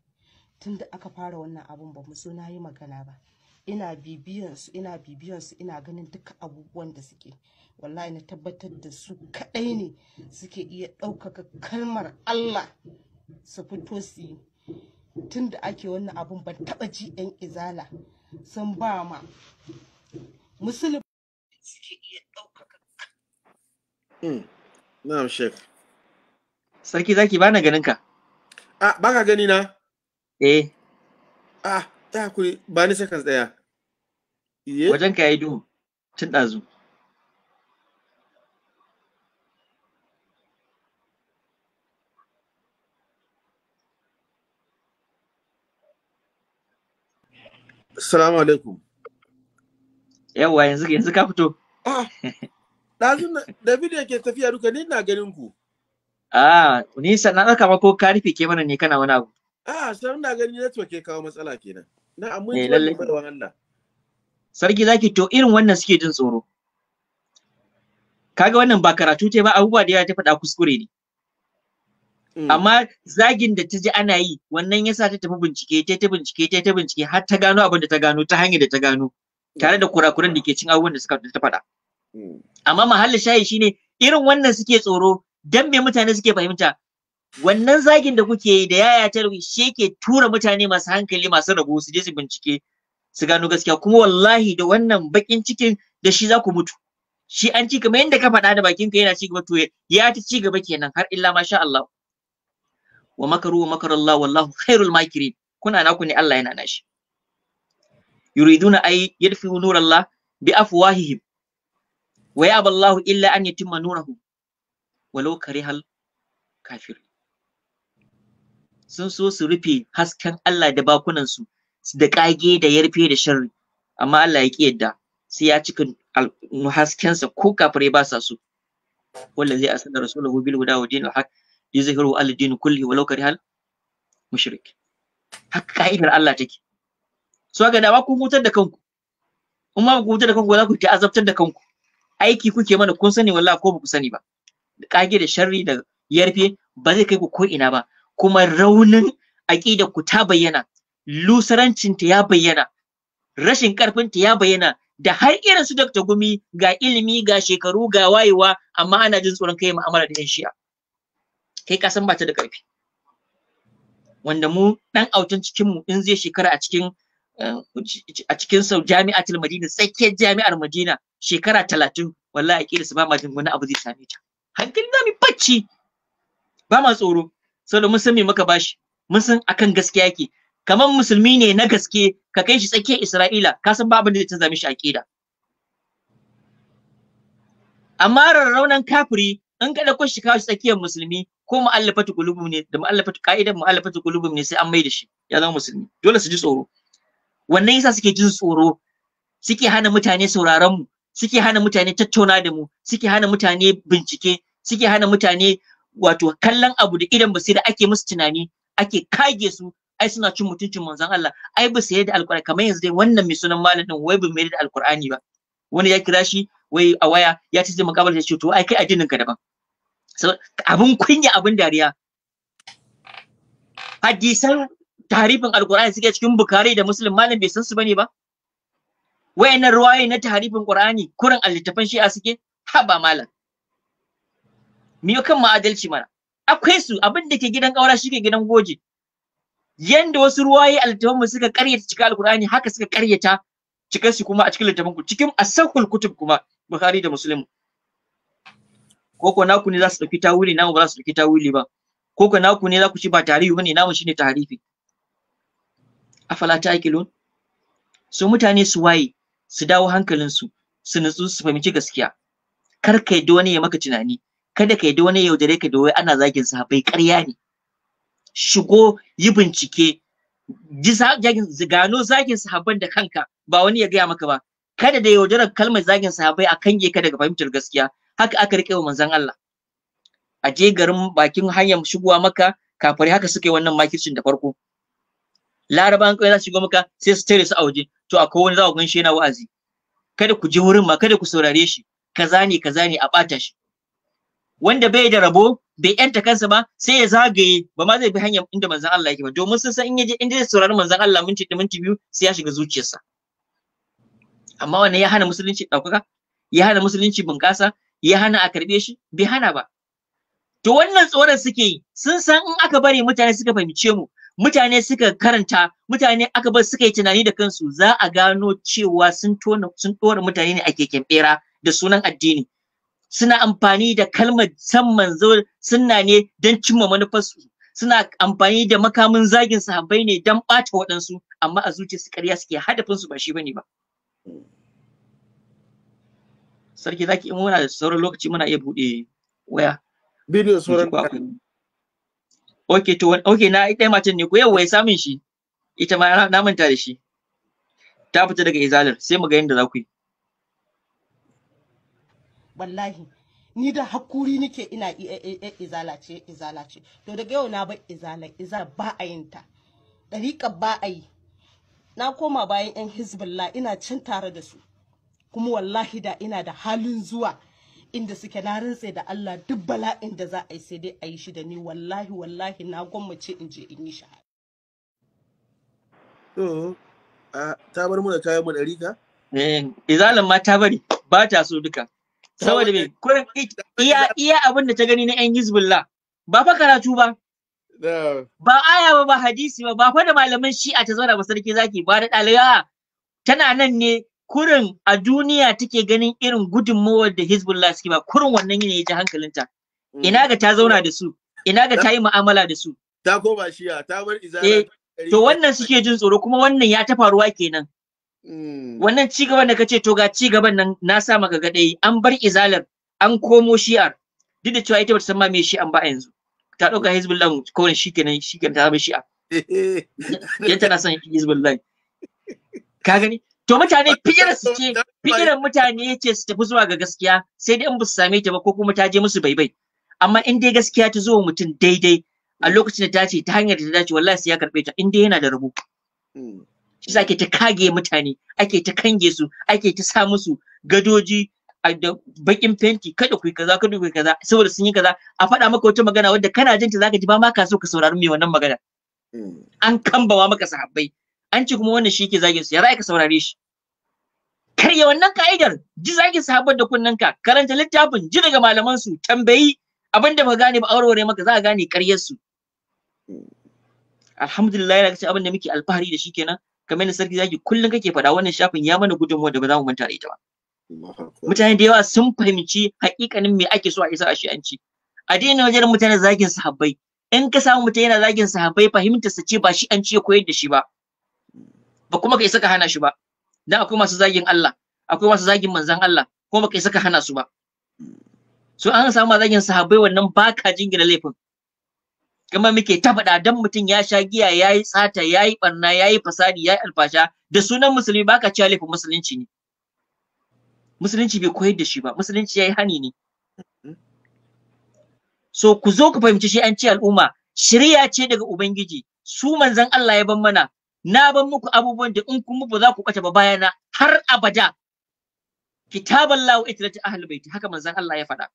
tun da aka fara wannan abun ba mu so na yi magana ba ina bibiyan su ina bibiyan su ina ganin duka abubuwan da suke wallahi na tabbatar da su kadai ne suke iya ɗaukaka kalmar Allah su fito su yi tun da ake wannan abun ban taba ji yan izala sun ba ma musulun suke iya ɗaukaka hmm. na'am shek sarki zaki bana ganin ah, ka a baka gani na eh a ah, ta hakuri ba ni sakan tsaya wajen ka yi duhu tun ɗazu Assalamu alaikum. Yawa yanzu yanzu ka fito. Ah, ɗazun da video ke tafiya duka ni na ganin ku. Ah, ni sannan aka ma ko ka rufe ke mana ne kana wani abu. Ah, sai na gani network ke kawo matsala kenan. Na amma ni lalle ba Allah. Sarki zaki to irin wannan suke jin tsoro. Kaga wannan ba karatu ce ba abubuwa da ya ta faɗa kuskure ne. Mm. amma zagin da ta ji ana yi wannan yasa ta tafi bincike ta ta bincike ta ta bincike har ta gano abin da ta gano ta hanyar da ta gano tare da kurakuran da ke cin abubuwan da suka ta faɗa mm. amma mahallin shayi shine irin wannan suke tsoro dan me mutane suke fahimta wannan zagin da kuke yi da yaya ta shi ke tura mutane masu hankali masu rabo su je su bincike su gano gaskiya kuma wallahi da wannan bakin cikin da shi za ku mutu shi an ci kamar yadda ka faɗa da bakin ka yana ci gaba to ya ta ci gaba kenan har illa masha Allah wa makaru wa makar Allah wallahu khairul makirin kuna naku ne Allah yana nashi yuriduna ay yadfi'u nurallah bi afwahihim wa yaba Allah illa an yatimma nurahu walau karihal kafir sun so su rufe hasken Allah da bakunansu da kage da yarfe da sharri amma Allah ya ki yadda sai ya cika sa ko kafirai ba sa so wallazi asana rasulahu bil huda wa dinil haqq yuzhiru al-din kulli walau karihal mushrik haka ka'idar Allah take so ga ba ku hutar da kanku in ma ku mutar da kanku za ku ta azabtar da kanku aiki kuke mana kun sani wallahi ko ba ku sani ba kage da sharri da yarfe ba zai kai ku ko ina ba kuma raunin aƙida ku ta bayyana lusarancin ta ya bayyana rashin karfin ta ya bayyana da har irin su Dr. Gumi ga ilimi ga shekaru ga wayewa amma ana jin tsoron kai mu'amala da yan shi'a kai ka san ba ta da ƙarfi wanda mu ɗan autan cikin mu in zai shekara a cikin eh, a cikin sau jami'atul madina tsakiyar jami'ar madina shekara talatin wallahi kila su ba ma wani abu zai same ta hankali na mi bacci ba ma tsoro saboda mun san me muka bashi mun san akan gaskiya yake kamar musulmi ne na gaske ka kai shi tsakiyar isra'ila ka san babu da zai canza mishi aƙida amma rarraunan kafiri in ka ɗauko shi kawo shi tsakiyar musulmi ko mu'allafatu qulubum ne da mu'allafatu qa'idan mu'allafatu qulubum ne sai an mai da shi ya zama musulmi dole su ji tsoro wannan yasa suke jin tsoro suke hana mutane sauraron mu suke hana mutane tattauna da mu suke hana mutane bincike suke hana mutane wato kallon abu da idan basira ake musu tunani ake kage su ai suna cin mutuncin manzon Allah ai ba su yarda alqur'ani kamar yanzu dai wannan mai sunan malamin wai ba mai da alkur'ani ba wani ya kira shi wai a waya ya ce zai mukabala ya ce to ai kai addinin ka daban abin kunya abin dariya hadisan tarifin alqur'ani suke cikin bukhari da muslim malam bai san su bane ba wayannan ruwaye na tarifin qur'ani kurin shi shi'a suke Ha ba malam miyo kan ma'adalci mana akwai su abin da ke gidan kaura shi ke gidan goji yanda wasu ruwaye allittafan suka karyata cikin alqur'ani haka suka karyata cikin su kuma a cikin littafin ku cikin asahul kutub kuma bukhari da muslim Koko naku ne za su ɗauki tawili namu ba za su ɗauki tawili ba Koko naku ne za ku ci ba tarihi bane namu shine tahrifi afala ta'qilun Su mutane su waye su dawo hankalinsu su nutsu su fahimci gaskiya kar ka yadda wani ya maka tunani kada ka yadda wani ya yaudare ka da wai ana zagin Bai ƙarya ne shigo yi bincike gano zagin sahabban da kanka ba wani ya gaya maka ba kada da yaudarar kalmar zagin sahabbai a kange ka daga fahimtar gaskiya haka aka riƙe wa manzon Allah a je garin bakin hanyar shigowa maka kafare haka suka yi wannan makircin da farko an kai za su shigo maka sai su tare su a waje to akwai wani za ku gan shi yana wa'azi kada ku je wurin ma kada ku saurare shi kaza ne kaza ne a bata shi wanda bai da rabo bai yanta kansa ba sai ya zagaye ba ma zai bi hanyar inda manzon Allah yake ba domin sun san in yaje inda zai saurari manzon Allah minti da minti biyu sai ya shiga zuciyarsa amma wannan ya hana musulunci ɗaukaka ya hana musulunci bunƙasa ya hana a karɓe shi bai hana ba to wannan tsoron suke yi sun san in aka bari mutane suka fahimce mu mutane suka karanta mutane aka bar suka yi tunani da kansu za a gano cewa sun tona sun ɗora mutane ne a keken da sunan addini suna amfani da kalmar san manzo sunna ne don cimma manufarsu suna amfani da makamin zagin sahabbai ne don ɓata waɗansu amma a zuciya su ƙarya suke su ba shi bane ba sarki zaki in muna da sauran lokaci muna iya buɗe waya bidiyo sauran ok to ok na ita macen ne ko yau wai samun shi ita ma na manta da shi ta fita daga izalar sai mu ga yadda za ku yi wallahi ni da hakuri nake ina izala ce izala ce to daga yau na bar izala iza ba a yin ta dariƙa ba a yi na koma bayan yan hizbullah ina cin tare da su kuma wallahi da ina da halin zuwa inda suke na rantse da Allah duk bala'in da za a yi sai dai a yi shi da ni wallahi wallahi na gwammace in je in yi shahada. To, ta bar mu da kayan mu ɗari ka? Eh, izalin ma ta bari ba ta so duka. Saboda me ko iya iya abin da ta gani na ƴan Hizbullah ba fa karatu ba. Ba aya ba ba hadisi ba ba fa da malaman shi'a ta zauna ba sarki zaki ba da ɗaliba tana nan ne kurin a duniya take ganin irin gudunmawar da Hezbollah suke ba kurin wannan ne ya ji hankalinta mm. ina ga ta zauna da su ina ga ta yi mu'amala da su ta koma shiya ta bar izara eh, to wannan suke jin tsoro kuma wannan ya ta faruwa kenan mm. wannan ci gaban da kace to ga ci gaban nan na sa maka dai an bar izalar an komo shi'ar duk da cewa ita bata san ma me shi'an ba yanzu ta dauka Hezbollah ko shi kenan shi kenan ta zama shi'a (laughs) yan tana son Hezbollah ka gani To mutane fiyar su ce fikirar mutane ce su tafi zuwa ga gaskiya sai dai in ba su same ta ba ko kuma ta je musu baibai. Amma in dai gaskiya ta zo mutum daidai a lokacin da ta ce ta hanyar da ta dace wallahi sai ya karɓe ta in dai yana da rabo. Hmm. Shi sa ake ta kage mutane, ake ta kange su, ake ta sa musu gadoji da bakin fenti kada ku yi kaza kada ku yi kaza saboda sun yi kaza a faɗa maka wata magana wadda kana jin ta zaka ji ba ma ka so ka saurari mai wannan magana. Hmm. An kambawa maka sahabbai an ci kuma wannan shi ke zagin su ya za ka saurare shi karya wannan ka'idar ji zagin habar da kunnen ka karanta littafin ji daga malaman su tambayi abin da ba gane ba aurore maka za a gane karyar su alhamdulillah yana cikin abin da muke alfahari da shi kenan kamar yadda sarki zaki kullum kake faɗa wannan shafin ya mana gudunmuwa da ba za mu manta da ita ba mutane da yawa sun fahimci hakikanin me ake so a isa a shi ci. a daina wajen mutane zagin sahabbai in ka samu mutum yana zagin sahabbai fahimtar sa ce ba shi an ce koyar da shi ba ba kuma kai saka hana shi ba dan akwai masu zagin Allah akwai masu zagin manzan Allah kuma ba kai saka hana su ba so an samu zagin sahabbai wannan baka jingina laifin kamar muke ta faɗa dan mutum ya sha giya yayi yi tsata ya yi ɓarna ya fasadi ya alfasha da sunan musulmi baka cewa laifin musulunci ne musulunci bai koyar da shi ba musulunci yayi hani ne so ku zo ku fahimci shi an ce al'umma shari'a ce daga ubangiji su manzan Allah ya ban mana na ban muku abubuwan da in kun ba za ku bace ba bayana har abada kitaban lawo itilati ahlul baiti haka manzon Allah ya faɗa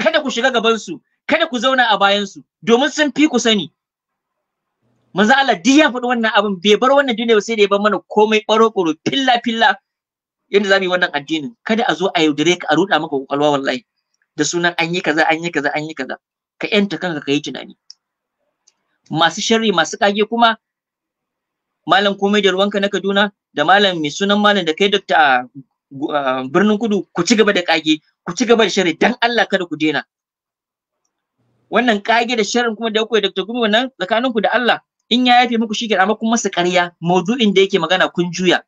kada ku shiga gaban su kada ku zauna a bayan su domin sun fi ku sani manzon Allah duk ya faɗi wannan abin bai bar wannan duniya ba sai da ya bar mana komai baro ɓaro filla filla yadda zamu yi wannan addinin kada a zo a yaudare ka a ruɗa maka kwakwalwa wallahi da sunan an yi kaza an yi kaza an yi kaza ka yanta kanka ka yi tunani masu sharri masu kage kuma malam komai da ruwanka na Kaduna da malam mai sunan malam da kai dokta birnin kudu ku ci gaba da kage ku ci gaba da shari dan Allah kada ku daina wannan kage da sharrin kuma da kuwa dokta gumi wannan tsakaninku da Allah in ya yafe muku ga amma kun masa ƙarya mawdu'in da yake magana kun juya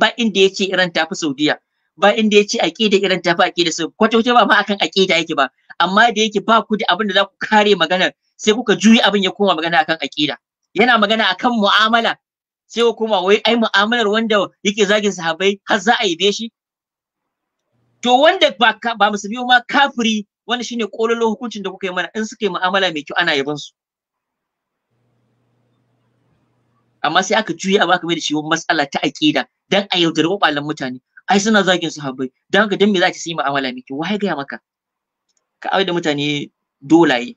ba inda yace Iran tafi Saudiya ba inda yace aqida Iran tafi aqida Saudiya kwata kwata ba ma akan aqida yake ba amma da yake ba ku da abin da za ku kare maganar sai kuka juyi abin ya koma magana akan aqida yana magana akan mu'amala sai ko kuma wai ai mu'amalar wanda yake zagin sahabbai har za a yi shi to wanda ba ba musulmi ma kafiri wanda shine kololo hukuncin da kuka yi mana in suka yi mu'amala mai kyau ana yabon su amma sai aka juya ba ka mai da shi matsala ta aqida dan a yaudari kwakwalen mutane ai suna zagin sahabbai dan haka dan me za ki yi mu'amala mai kyau wai ga maka ka aure da mutane dolaye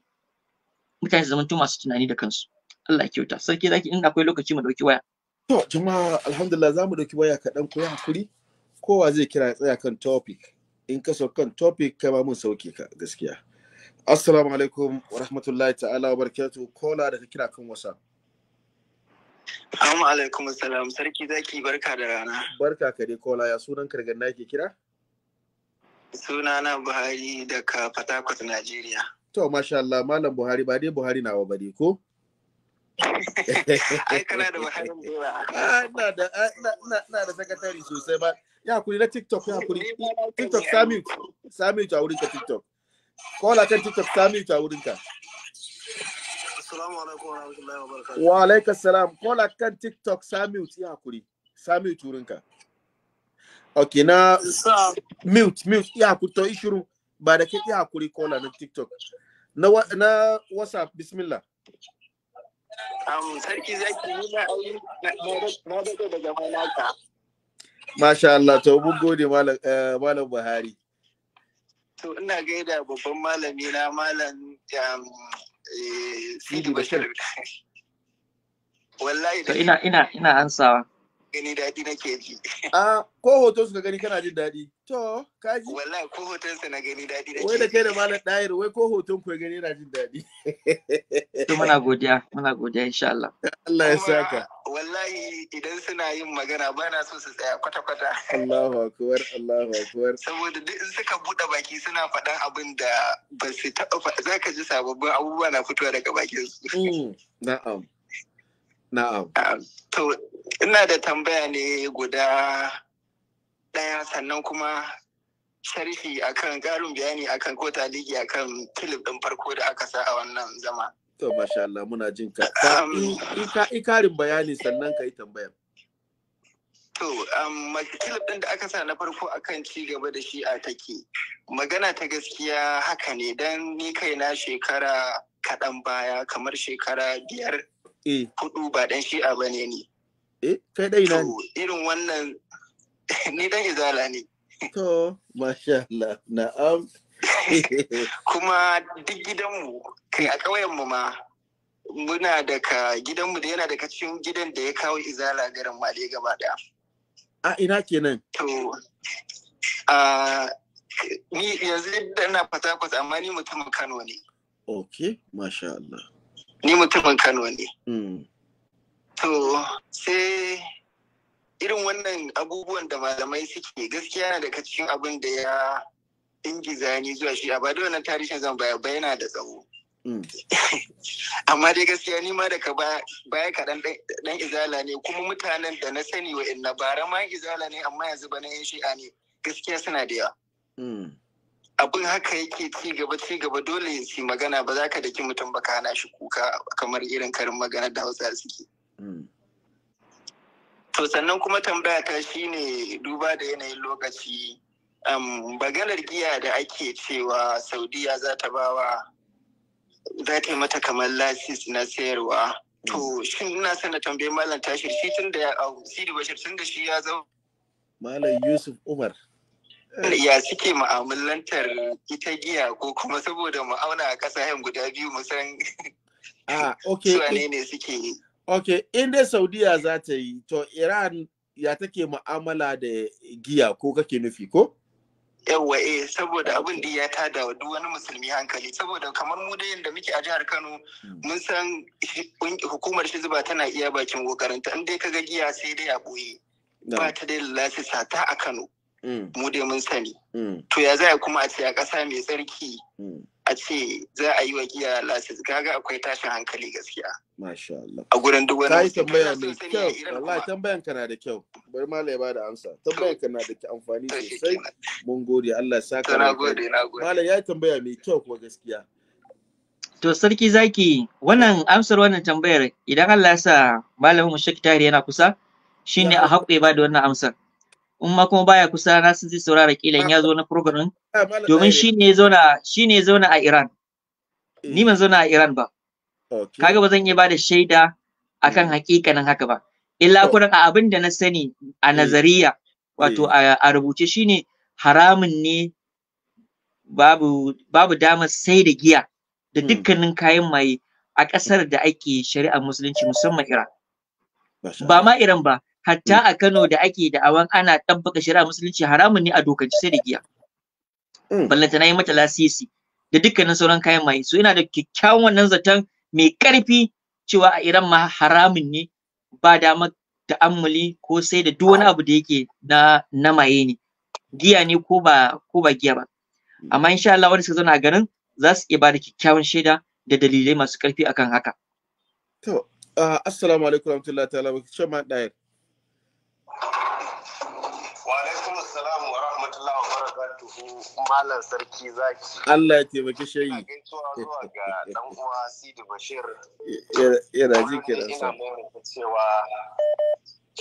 mutane su zamanto masu tunani da kansu Allah ya kyauta sarki zaki in akwai lokaci mu dauki waya To, jama'a alhamdulillah za mu ɗauki waya kaɗan ku hakuri, kowa zai kira ya tsaya kan topic. In ka so kan topic kai ma mun sauke ka gaskiya. Assalamu alaikum wa rahmatullahi ta'ala wa barakatuhu kola da ka kira kan wasa. Assalamu alaikum salam sarki zaki barka da rana. Barka ka dai kola ya sunan na ke kira? Suna na Buhari daga Fatakwas, Najeriya. To masha Allah malam Buhari ba dai Buhari nawa ba dai ko? ai kana da wahalar yawa ah, ina da ah, sakatari sosai ba ya hakuri na tiktok ya hakuri tiktok samit samit a ka tiktok kola kan tiktok samit a wurinka wa alaikar salam kola kan tiktok samit ya hakuri wurin ka. ok na mute mute ya hakuri to ishiru ba da ke ya hakuri kola na tiktok na whatsapp bismillah sarki zaki yi na na daga daga malaka. Masha Allah, to mun gode eh, Malam Buhari. To ina gaida babban malami na Malam eh, Sidi Bashir. (laughs) Wallahi da ina ina ina ansawa. gani daɗi nake ji. (laughs) Ah, ko hoton su ka gani kana jin daɗi. To, ka ji? Wallahi ko hoton su na gani daɗi nake. Wai da kai da malam ɗayar wai ko hoton ku gani yana jin daɗi. (laughs) To muna godiya, muna godiya insha Allah. Allah ya saka. Wallahi idan suna yin magana ba na so su tsaya kwata-kwata. Allahu akbar, Allahu akbar. Saboda duk in suka buɗe baki suna faɗan abin da ba su taɓa za ka ji sababbin abubuwa na fitowa daga bakin su. Mm, na'am. Na'am. Ah, to ina da tambaya ne guda ɗaya sannan kuma sharhi akan ƙarin bayani akan ko a akan kilif ɗin farko da aka sa a wannan zama. To masha Allah muna jin ka. Ikarin bayani sannan ka yi tambaya. To, kilif ɗin da aka sa na farko akan ci gaba da shi'a take. Magana ta gaskiya haka ne don ni kaina shekara kaɗan baya kamar shekara biyar Eh. hudu ba dan shi'a ba ne ni. Eh, kai dai na ne. Irin wannan (laughs) ni dan izala ne. To, masha Allah, na'am. (laughs) Kuma duk gidanmu, kai a ƙauyenmu ma, muna daga gidanmu da yana daga cikin gidan da ya kawo izala garin Male gaba ɗaya. A ina kenan? To, a ni yanzu da na fata amma ni mutumin Kano ne. Ok, masha Allah. ni mutumin kano ne hmm. to sai irin wannan abubuwan da malamai suke gaskiya na daga cikin abin da ya ingiza ni zuwa shi ba da wannan tarihin zan baya yana da tsawo hmm. (laughs) amma dai gaskiya ni ma daga baya kaɗan ɗan izala ne kuma mutanen da na sani wa'in na bara ma izala ne amma yanzu ba na yan shi'a ne gaskiya suna da yawa hmm. abin haka yake ci gaba ci gaba dole su magana ba za ka daki mutum ba ka hana shi kuka kamar irin karin magana da hausa suke. Mm. To sannan kuma tambaya ta shine duba da yanayin lokaci baganar giya da ake cewa saudiya za ta bawa za ta yi mata kamar lasis na sayarwa. To mm. shin ina son na tambayi malam tashir shi tun da da Bashir tun da shi ya zau. Malam Yusuf Umar. ya suke ma'amalantar ita giya ko kuma saboda mu auna a ƙasashen guda biyu musan san ah, (laughs) ne suke yi. Ok, in dai Saudiya za ta yi, to Iran ya take mu'amala da giya ko kake nufi ko? Yawwa eh saboda abin da ya tada wa duk wani musulmi hankali saboda kamar mu da yadda muke a jihar Kano hmm. mun san hukumar shi zuba tana iya bakin kokarinta in dai kaga giya sai dai a boye. Ba ta dai lasisa sata a Kano. Mm. mu dai mun sani mm. to ya za kuma a ce a ƙasa mai tsarki mm. a ce za a yi wa giya lasis gaga akwai tashin hankali gaskiya masha Allah a gurin duk wani tambaya mai kyau Allah tambayan ka na da kyau bari ma ya da amsa tambayan ka na da amfani sosai mun gode Allah ya saka na gode na gode malam ya tambaya mai kyau kuma gaskiya to sarki zaki wannan amsar wannan tambayar idan Allah ya sa malamin mu Tahir yana kusa shine a haƙe ba da wannan amsar in ma kuma baya kusa na sun zai saurara kilan ya zo na program ah, domin shi ne ya zauna shi ne ya zauna a Iran eh. ni ban zauna a Iran ba kaga ba zan iya bada shaida akan hmm. hakikanin haka ba illa oh. kuran a abin da na sani a eh. nazariya wato eh. a rubuce shine haramun ne babu babu damar sai da giya da hmm. dukkanin kayan maye a ƙasar da ake shari'ar musulunci musamman Iran ba ma Iran ba hatta a Kano da ake da awan ana tabbaka shari'a musulunci haramun ne a dokance sai da giya mm. ballanta na yi mata lasisi da dukkanin sauran kayan maye so yana da kyakkyawan wannan zaton mai karfi cewa a Iran ma haramun ne ba dama ta'ammuli ko sai da duk wani abu da yake na na maye ne giya ne ko ba ko ba giya ba amma insha Allah wanda suka zauna a garin za su iya bada kyakkyawan shaida da dalilai masu karfi akan haka to ah, assalamu alaikum warahmatullahi ta'ala wa Wa alaikum assalam wa rahmatullahi wa barakatuhu malam sarki zaki. Allah ya taimaki shayi. Ina zuwa ga ɗan uwa Sidi Bashir. Yana ji kiran sa. Ina cewa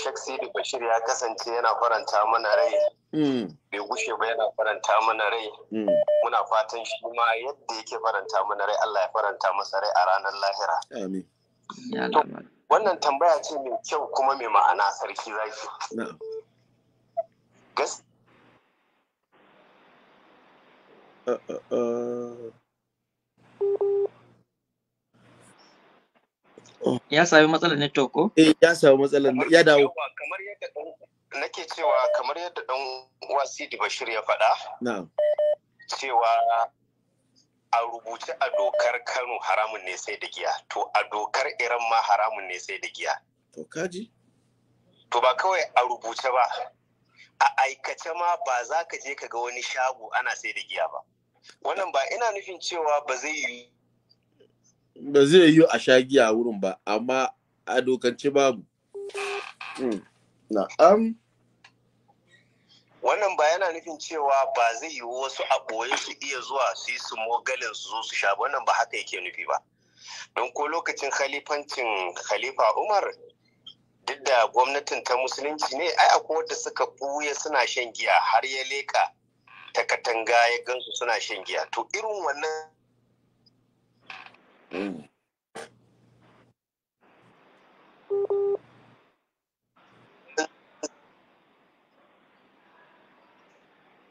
Sheikh Sidi Bashir ya kasance yana faranta mana rai. Hmm. Bai gushe ba yana faranta mana rai. Hmm. Muna fatan shi ma yadda yake faranta mana rai Allah ya faranta masa rai a ranar lahira. Amin. wannan tambaya ce mai kyau kuma mai ma'ana sarki zaki uh, uh, uh. Oh. ya sami matsalar network ko? eh ya sami matsalar ya dawo kamar yadda nake cewa kamar yadda dan uwa Sidi Bashir ya faɗa cewa a rubuce a dokar Kano haramun ne sai da giya to a dokar Iran ma haramun ne sai da giya to kaji to ba kawai a rubuce ba a aikace ma ba za ka je ka ga wani shago ana sai da giya ba wannan ba ina nufin cewa ba zai yi ba zai yi a sha giya wurin ba amma a dokance babu um... wannan ba yana nufin cewa ba zai yi wasu a ɓoye su iya zuwa su yi su mogalin su zo su sha wannan ba haka yake nufi ba don ko lokacin khalifancin khalifa umar duk da gwamnatin ta musulunci ne ai akwai wanda suka buya suna shan giya har ya leka ta katanga ya gansu suna shan giya to irin wannan mm.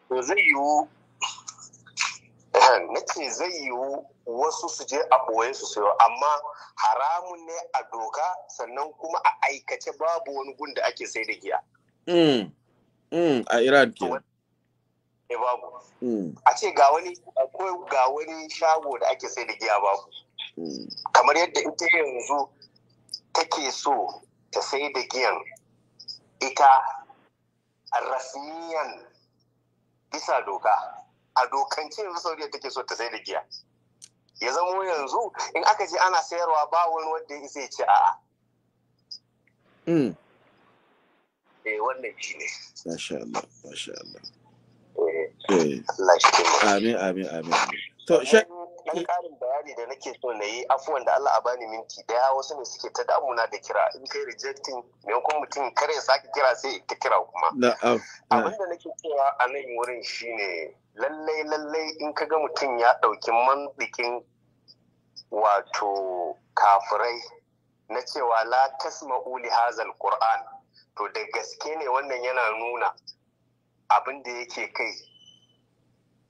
to zai yiwu eh, nake zai yiwu wasu su je a ɓoye su sayo amma haramun ne a doka sannan kuma a aikace babu wani gun da ake sai da giya. Mm, mm, a Iran ke. E babu. Mm. A ce ga wani akwai ga wani shago da ake sai da giya babu. Kamar yadda ita yanzu take so ta sai da giyan ita rasmiyan bisa doka a dokance yanzu saudiya take so ta sai da giya ya zamo yanzu in aka ce ana sayarwa ba wani wanda ya isa ya ce a'a mm. eh wannan shi ne masha Allah masha Allah eh, eh. Allah shi amin amin amin to Ɗan ƙarin bayani da nake so na yi afuwan da Allah a bani minti daya wasu ne suke ta damuna da kira in kai rejecting maimakon mutum kare ya sake kira sai ka kira kuma abin da nake cewa a nan wurin shine lallai lallai in ka ga mutum ya ɗauki mandikin wato kafirai na cewa la tasma uli hazal qur'an to da gaske ne wannan yana nuna abin da yake kai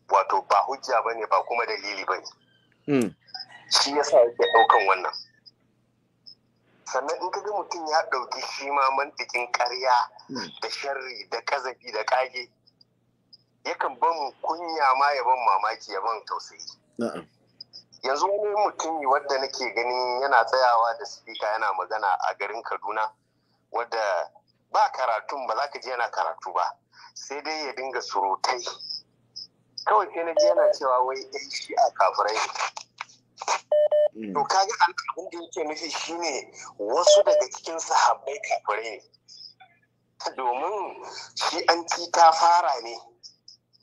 wato ba hujja bane ba kuma dalili bane. Mm. shi yasa yake ɗaukan wannan sannan in ka ga mutum ya ɗauki shi ma mantikin ƙarya mm. da sharri da ƙazafi da ƙage yakan ban kunya ma ya ban mamaki ya ban tausayi yanzu wani mutumi wadda nake gani yana tsayawa da sifika yana magana a garin kaduna wadda ba karatun ba za ka ji yana karatu ba sai dai ya dinga surutai kawai sai na ji yana cewa wai ɗan shi a kafirai mm. to kaga abin da yake nufi shine wasu daga cikin sahabbai kafirai ne domin shi an ci ta fara ne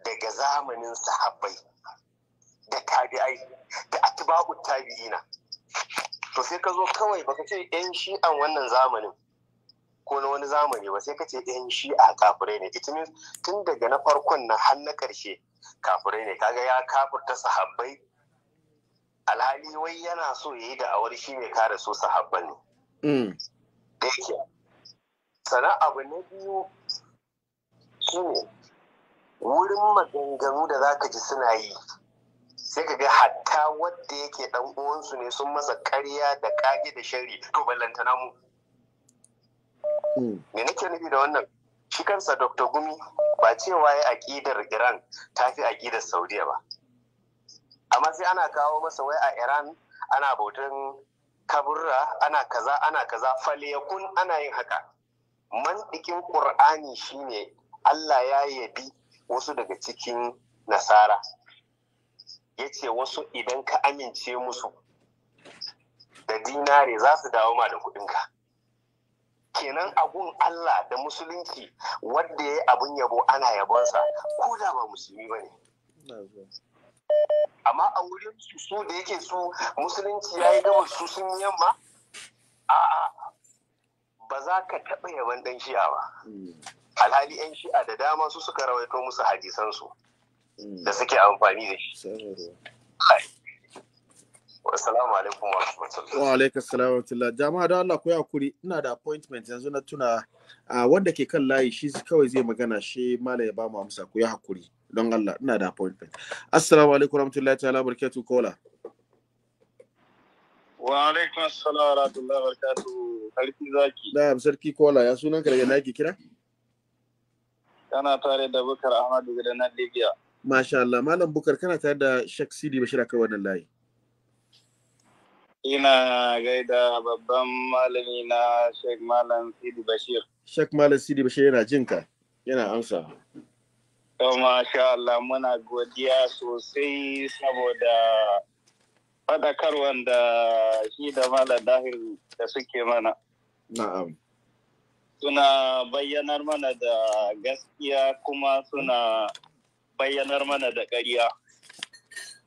daga zamanin sahabbai da tabi'ai da atba'u tabi'ina to sai ka zo kawai baka ce yan shi'an wannan zamanin ko na wani zamani ba sai ka ce yan shi'a kafirai ne it tun daga na farkon nan har na karshe kafirai ne kaga ya kafirta sahabbai alhali wai yana so ya yi da awar shi mai kare su sahabban ne mm. da yake sana abu na biyu shine wurin maganganu da za ka ji suna yi sai ka ga hatta wadda yake dan uwansu ne sun masa karya da kage da shari to ballantana mu mm. me nake nufi da wannan shi kansa dr gumi ba cewa ya aƙidar iran ta fi aƙidar saudiya ba amma sai ana kawo masa wai a iran ana bautan kaburra ana kaza ana kaza faliyakun ana yin haka mandikin ƙur'ani shine allah ya yabi wasu daga cikin nasara ya ce wasu idan ka amince musu da dinare za su dawo ma da kuɗinka kenan abun Allah da musulunci wadda ya abun yabo ana yabonsa ko da ba musulmi ba ne amma a wurin su su da yake su musulunci ya yi gama su sun yamma a'a ba za ka taɓa yaban ɗan shi'a ba alhali 'yan shi'a da dama su suka rawaito musu hadisansu mm. da suke amfani da shi Assalamu alaikum wa rahmatullah. Wa alaikum assalam wa rahmatullah. Jama'a don Allah ku ya kuri ina da appointment yanzu na tuna wanda ke kan layi shi kawai zai magana shi mala ya ba mu amsa ku ya hakuri don Allah ina da appointment. Assalamu alaikum wa rahmatullahi ta'ala barkatu kola. Wa alaikum assalam wa rahmatullahi wa barakatuhu. Sarki zaki. Da sarki kola ya sunan ka daga naki kira? Kana tare da Bukar Ahmadu gidan Libya. Masha Allah, Malam Bukar kana tare da Sheikh Sidi Bashir akan wannan layi. ina gaida babban malami na Sheikh Malam Sidi Bashir. Sheikh Malam Sidi Bashir yana jinka, yana amsa. To masha Allah muna godiya sosai saboda faɗakarwan da shi da Malam Dahir da suke mana. Na'am. Suna bayyanar mana da gaskiya kuma suna bayyanar mana da ƙarya.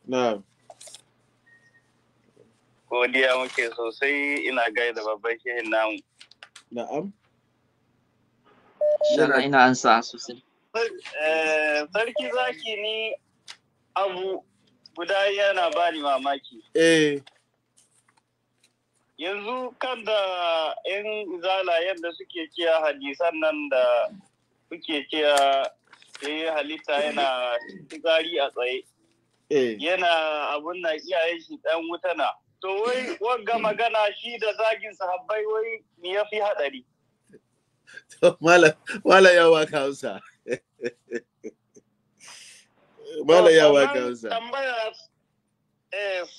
Na'am. godiya muke sosai ina da babban shehin namu na'am Shara ina an sa sosai. Eh, sarki zaki ni abu guda yana ba ni mamaki. Eh. Yanzu kan da 'yan zala yadda suke cewa hadisan nan da suke cewa sai halitta yana tsari a tsaye. Eh. Yana abun na iyayen shi ɗan wutana. To wai wanga magana shi da zagin sahabbai wai ni ya fi haɗari. Mala yawa ka hausa. Mala yawa ka hausa.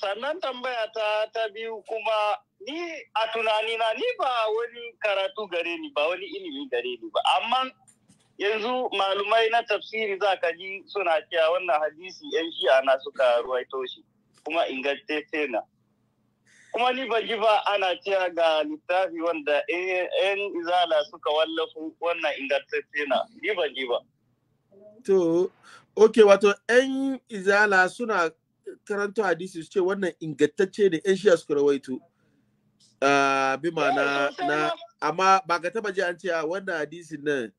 Sannan tambaya ta ta biyu kuma ni a tunanina ni ba wani karatu gare ni ba wani ilimi gare ni ba amma yanzu malumai na tafsiri za ka ji suna cewa wannan hadisi yan shi'a na suka ruwaito shi kuma ingantacce na. kuma ni ba ji ba ana cewa ga littafi wanda yan izala suka wallafu wannan ingantacce na ni ba ji ba to ok wato yan izala suna karanta hadisi su ce wannan ingantacce ne, yan shiya suka rawaito ah, bi ma'ana eh, na amma ba ka taba ji an ce ah, wannan hadisi nan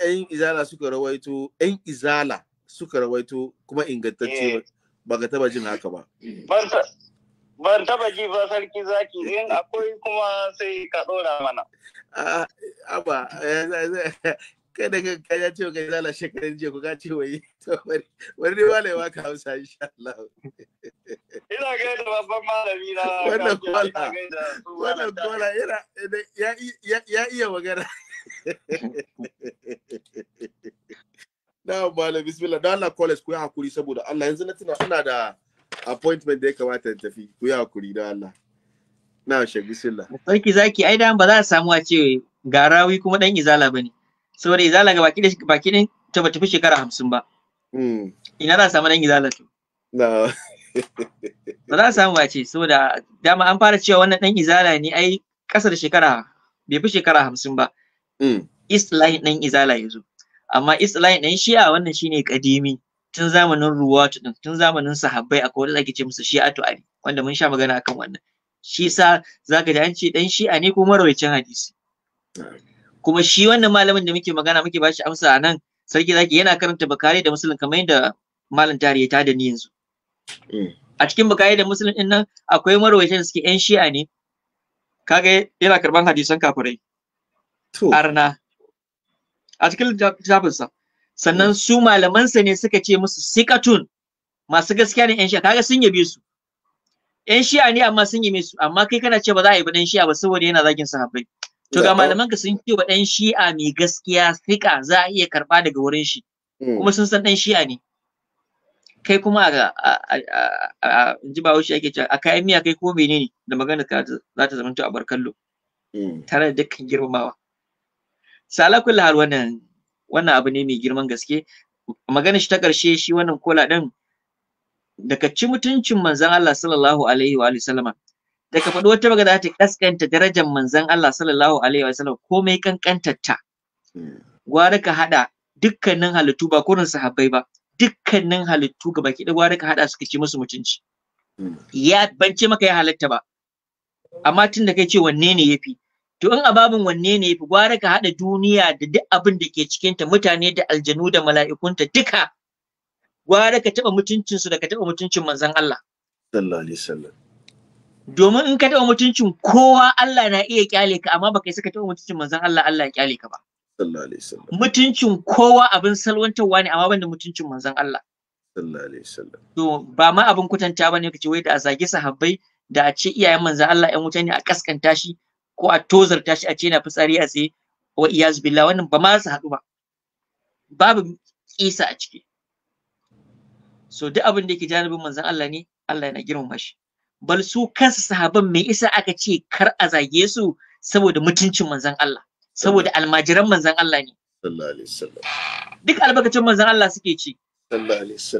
yan eh, izala suka rawaito yan izala suka rawaito kuma ingantacce ba eh. ka taba jin haka ba Ban taba ji ba sarki zaki in akwai kuma sai ka ɗora mana. Aba, kada ka kaya ce ka zala shekarun jiya ku ka ce wai to bari bari wale wa ka hausa insha Allah ina gaida babban malami na wannan kwala wannan kwala ina ya iya magana (laughs) na malam bismillah dan Allah college ku yi hakuri saboda Allah yanzu na tuna ina da appointment da ya kamata ta tafi ku yi hakuri da Allah na shi bismillah sarki zaki ai da ba za a samu a ce garawi kuma dan izala bane saboda izala ga baki da baki din ta bata fi shekara 50 ba hmm. ina za a samu dan izala to na (laughs) ba za a samu a ce saboda dama an fara cewa wannan dan izala ne ai kasar shekara bai fi shekara 50 ba hmm. east line dan izala yanzu amma east line dan a wannan shine kadimi tun zamanin ruwatu din tun zamanin sahabbai akwai wanda ake ce musu shi'atu ali wanda mun sha magana akan wannan shi sa zaka ji an ce dan shi'a ne ko marwayacin hadisi kuma shi wannan malamin da muke magana muke bashi amsa a nan sarki zaki yana karanta bukari da musulun kamar yadda malam tarihi ta tada ni yanzu mm. a cikin bukari da musulun din nan akwai marwayacin da suke yan shi'a ne kaga yana karban hadisan kafirai arna a cikin littafinsa sannan su malamansa ne suka ce musu sikatun masu gaskiya ne yan shi'a kaga sun yabe su yan shi'a ne amma sun yabe su amma kai kana ce ba za a yi ba dan shi'a ba saboda yana zagin sahabbai to ga malaman ka sun ce wa dan shi'a mai gaskiya sika za a iya karba daga wurin shi hmm. kuma sun san dan shi'a ne kai kuma a ji ba ji bahaushe ake cewa a kayan miya kai ko menene da magana ka za ta zamanto a barkallo hmm. tare da dukkan girmamawa salakul har wannan wannan abu ne mai girman gaske maganar shi ta ƙarshe shi wannan kola ɗin daga ci mutuncin manzan Allah sallallahu alaihi wa sallama daga faɗi wata magana ta kaskanta darajar manzan Allah sallallahu alaihi wa sallama komai gwara ka haɗa dukkanin halittu ba kurin sahabbai ba dukkanin halittu gaba ɗaya gwara ka haɗa suka ci musu mutunci hmm. ya bance maka ya halatta ba amma tun da kai ce wanne ne ya fi? To in ababin wanne ne yafi gwara ka haɗa duniya da duk abin da ke cikinta mutane da aljanu da mala'ikunta duka gwara ka taɓa mutuncinsu da ka taɓa mutuncin manzon Allah. Sallallahu alaihi wasallam. Domin in ka taɓa mutuncin kowa Allah na iya kyale ka amma baka isa ka taɓa mutuncin manzon Allah Allah ya kyale ka ba. Sallallahu alaihi wasallam. Mutuncin kowa abin salwantarwa ne amma ban da mutuncin manzon Allah. Sallallahu alaihi wasallam. To ba ma abin kutanta bane kace wai da a zagi sahabbai da a ce iyayen manzon Allah ƴan wuta ne a kaskanta shi ko a tozar shi a ce na fitsari a tsaye wa iyaz billah wannan ba ma su haɗu ba babu isa a ciki so duk abin da yake janibin manzon Allah ne Allah yana girmama shi bal su kansu sahaban me isa aka ce kar a zage su saboda mutuncin manzon Allah saboda almajiran manzon Allah ne duk albarkacin manzon Allah suke ci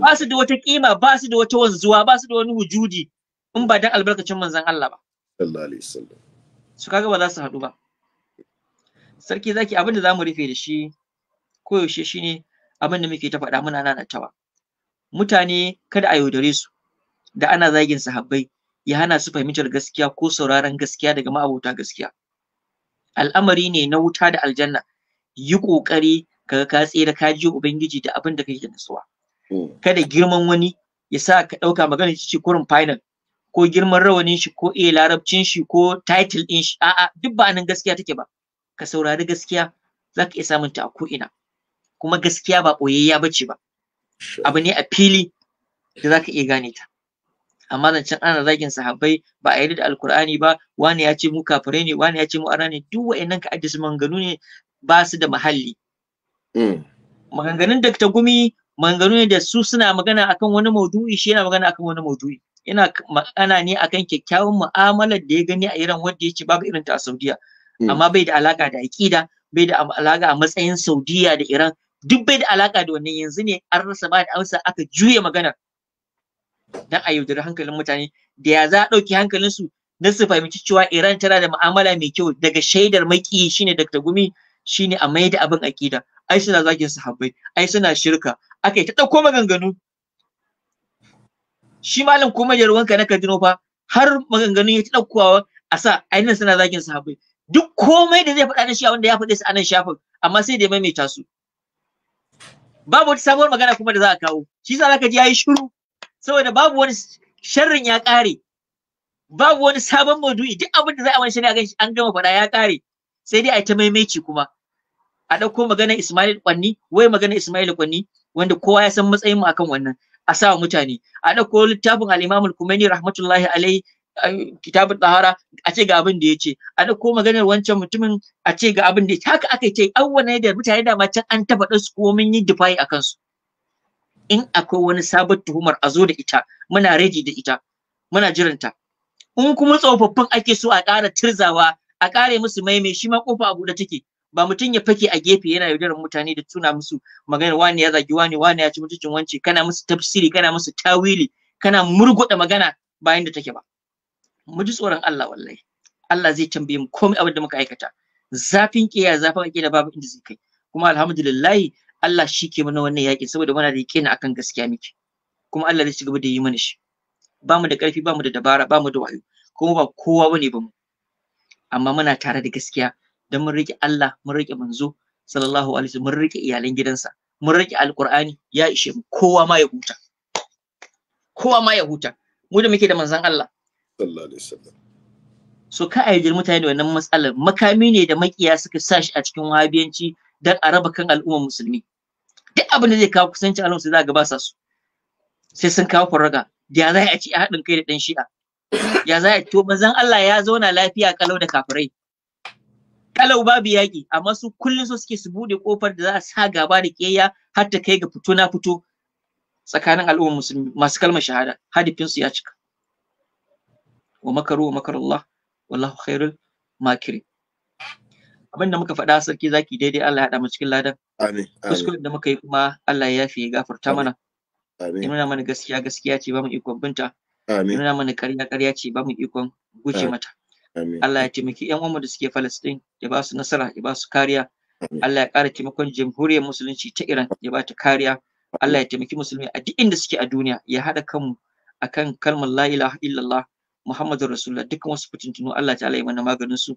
ba su da wata kima ba su da wata wanzuwa ba su da wani wujudi in ba dan albarkacin manzon Allah ba sallallahu alaihi wasallam su kaga ba za su haɗu ba sarki zaki abin da za mu rufe da shi koyaushe shine abin da muke ta faɗa muna tawa. mutane kada a yaudare su da ana zagin sahabbai ya hana su fahimtar gaskiya ko sauraron gaskiya daga ma'abota gaskiya al'amari ne na wuta da aljanna yi ƙoƙari kaga ka tsira ka ji ubangiji da abin da kake da nasuwa mm. kada girman wani ya sa ka ɗauka magana cici kurin final ko girman rawanin shi ko eh larabcin shi ko title din shi a'a duk ba nan gaskiya take ba ka saurari gaskiya za iya samun ta a ko'ina kuma gaskiya ba ɓoyayya bace ce ba abu ne a fili da za iya gane ta amma zancen ana zagin sahabbai ba a yi da alkur'ani ba wani ya ce mu kafirai ne wani ya ce mu arna duk wa'annan ka addisa manganu ne ba su da mahalli mm. maganganun da ta gumi maganganu ne da su suna magana akan wani maudu'i shi yana magana akan wani maudu'i yana magana ne akan kyakkyawan mu'amalar da ya gani a Iran wanda yake babu irin ta a Saudiya eh. amma bai da alaka da aqida bai da alaka a matsayin Saudiya da Iran duk bai da alaka da wannan yanzu ne an rasa ba da amsa aka juye magana. dan a yaudari hankalin mutane da ya za a ɗauki hankalin su na su fahimci cewa Iran tana da mu'amala mai kyau daga shaidar maki shine Dr. Gumi shine a da abin akida ai suna zagin sahabbai ai suna shirka akai ta ɗauko maganganu shi malam ko wanka na Kaduna fa har maganganun ya ci daukowa a sa ainihin suna zagin sahabbai duk komai da zai faɗa na shi a wanda ya faɗe su a nan shafin amma sai da maimaita su babu wata sabuwar magana kuma da za a kawo shi yasa zaka ji yayi shiru saboda babu wani sharrin ya ƙare babu wani sabon maudu'i duk abin da za a wani shari'a shi, an gama faɗa ya ƙare sai dai a yi ta maimaici kuma a ɗauko magana Ismail Kwanni wai magana Ismail Kwanni wanda kowa ya san matsayin mu akan wannan a sa wa mutane a ɗauko littafin al'imamul kumeni kumaini rahmatullahi alai kitabun tsahara a ce ga abin da ya ce a ɗauko maganar wancan mutumin a ce ga abin da ya ce haka aka ce awwana da mutane da can an taɓa su ko mun yi difayi a kansu in akwai wani sabon tuhumar a zo da ita muna reji da ita muna jiranta in kuma tsofaffin ake so a ƙara tirzawa a ƙare musu maimai shi ma kofa a buɗe take ba mutum ya fake a gefe yana yaudarar mutane da tuna musu magana wani ya zagi wani wani ya ci mutuncin wance kana musu tafsiri kana musu tawili kana murguɗa magana bayan da take ba mu ji tsoron Allah wallahi Allah zai tambaye mu komai abin da muka aikata zafin kiya zafin akida babu inda zai kai kuma alhamdulillah Allah shi ke mana wannan yaƙin, saboda muna da yaƙini akan gaskiya miki kuma Allah zai ci gaba da yi mana shi ba mu da ƙarfi ba mu da dabara ba mu da wayo kuma ba kowa bane ba mu amma muna tare da gaskiya dan mun riƙe Allah mun riƙe manzo sallallahu alaihi wasallam mun riƙe iyalan gidansa mun riƙe alqur'ani ya ishe mu kowa ma ya huta kowa ma ya huta mu da muke da manzon Allah sallallahu alaihi wasallam so ka ayyar mutane da wannan matsalar makami ne da makiya suka sa shi a cikin wahabiyanci dan a raba kan al'ummar musulmi duk abin da zai kawo kusanci al'umma sai za ga ba sa su sai sun kawo farraga ya za a ci a haɗin kai da ɗan shi'a ya za a to manzon Allah ya zauna lafiya kalau da kafirai kalau babu yaƙi amma su kullum so suke su buɗe ƙofar da za a sa gaba da ƙiyayya har ta kai ga fito na fito tsakanin al'ummar musulmi masu kalmar shahada hadifin su ya cika wa makaru wa makar Allah wallahu khairul makiri abin da muka faɗa sarki zaki daidai Allah ya haɗa mu cikin ladan amin kuskuren da muka yi kuma Allah ya yafi ya gafarta mana amin nuna mana gaskiya gaskiya ce ba mu ikon binta amin nuna mana ƙarya ƙarya ce ba mu ikon guje mata Allah ya taimaki ƴan uwanmu da suke Falastin ya ba su nasara ya ba su kariya Allah ya ƙara taimakon jamhuriyar musulunci ta Iran ya ba ta kariya Allah ya taimaki musulmi a duk inda suke a duniya ya haɗa kanmu akan kalmar la ilaha illallah Muhammadu Rasulullah dukkan wasu fitintunu Allah ta ya mana maganin su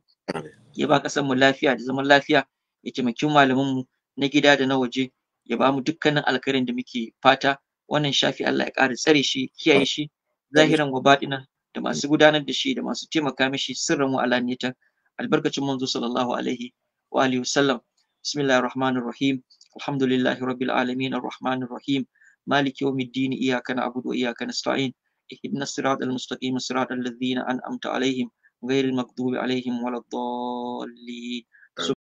ya ba ƙasar mu lafiya da zaman lafiya ya taimaki malaman mu na gida da na waje ya ba mu dukkanin alkarin da muke fata wannan shafi Allah ya ƙara tsare shi kiyaye shi zahiran wa da masu gudanar da shi da masu taimaka mishi sirran wa ta. albarkacin manzo sallallahu alaihi wa alihi wasallam bismillahir rahmanir rahim alhamdulillahi rabbil alamin arrahmanir rahim maliki yawmiddin iyyaka na'budu wa iyyaka nasta'in ihdinas siratal mustaqim siratal ladzina an'amta alaihim ghairil maghdubi alaihim waladdallin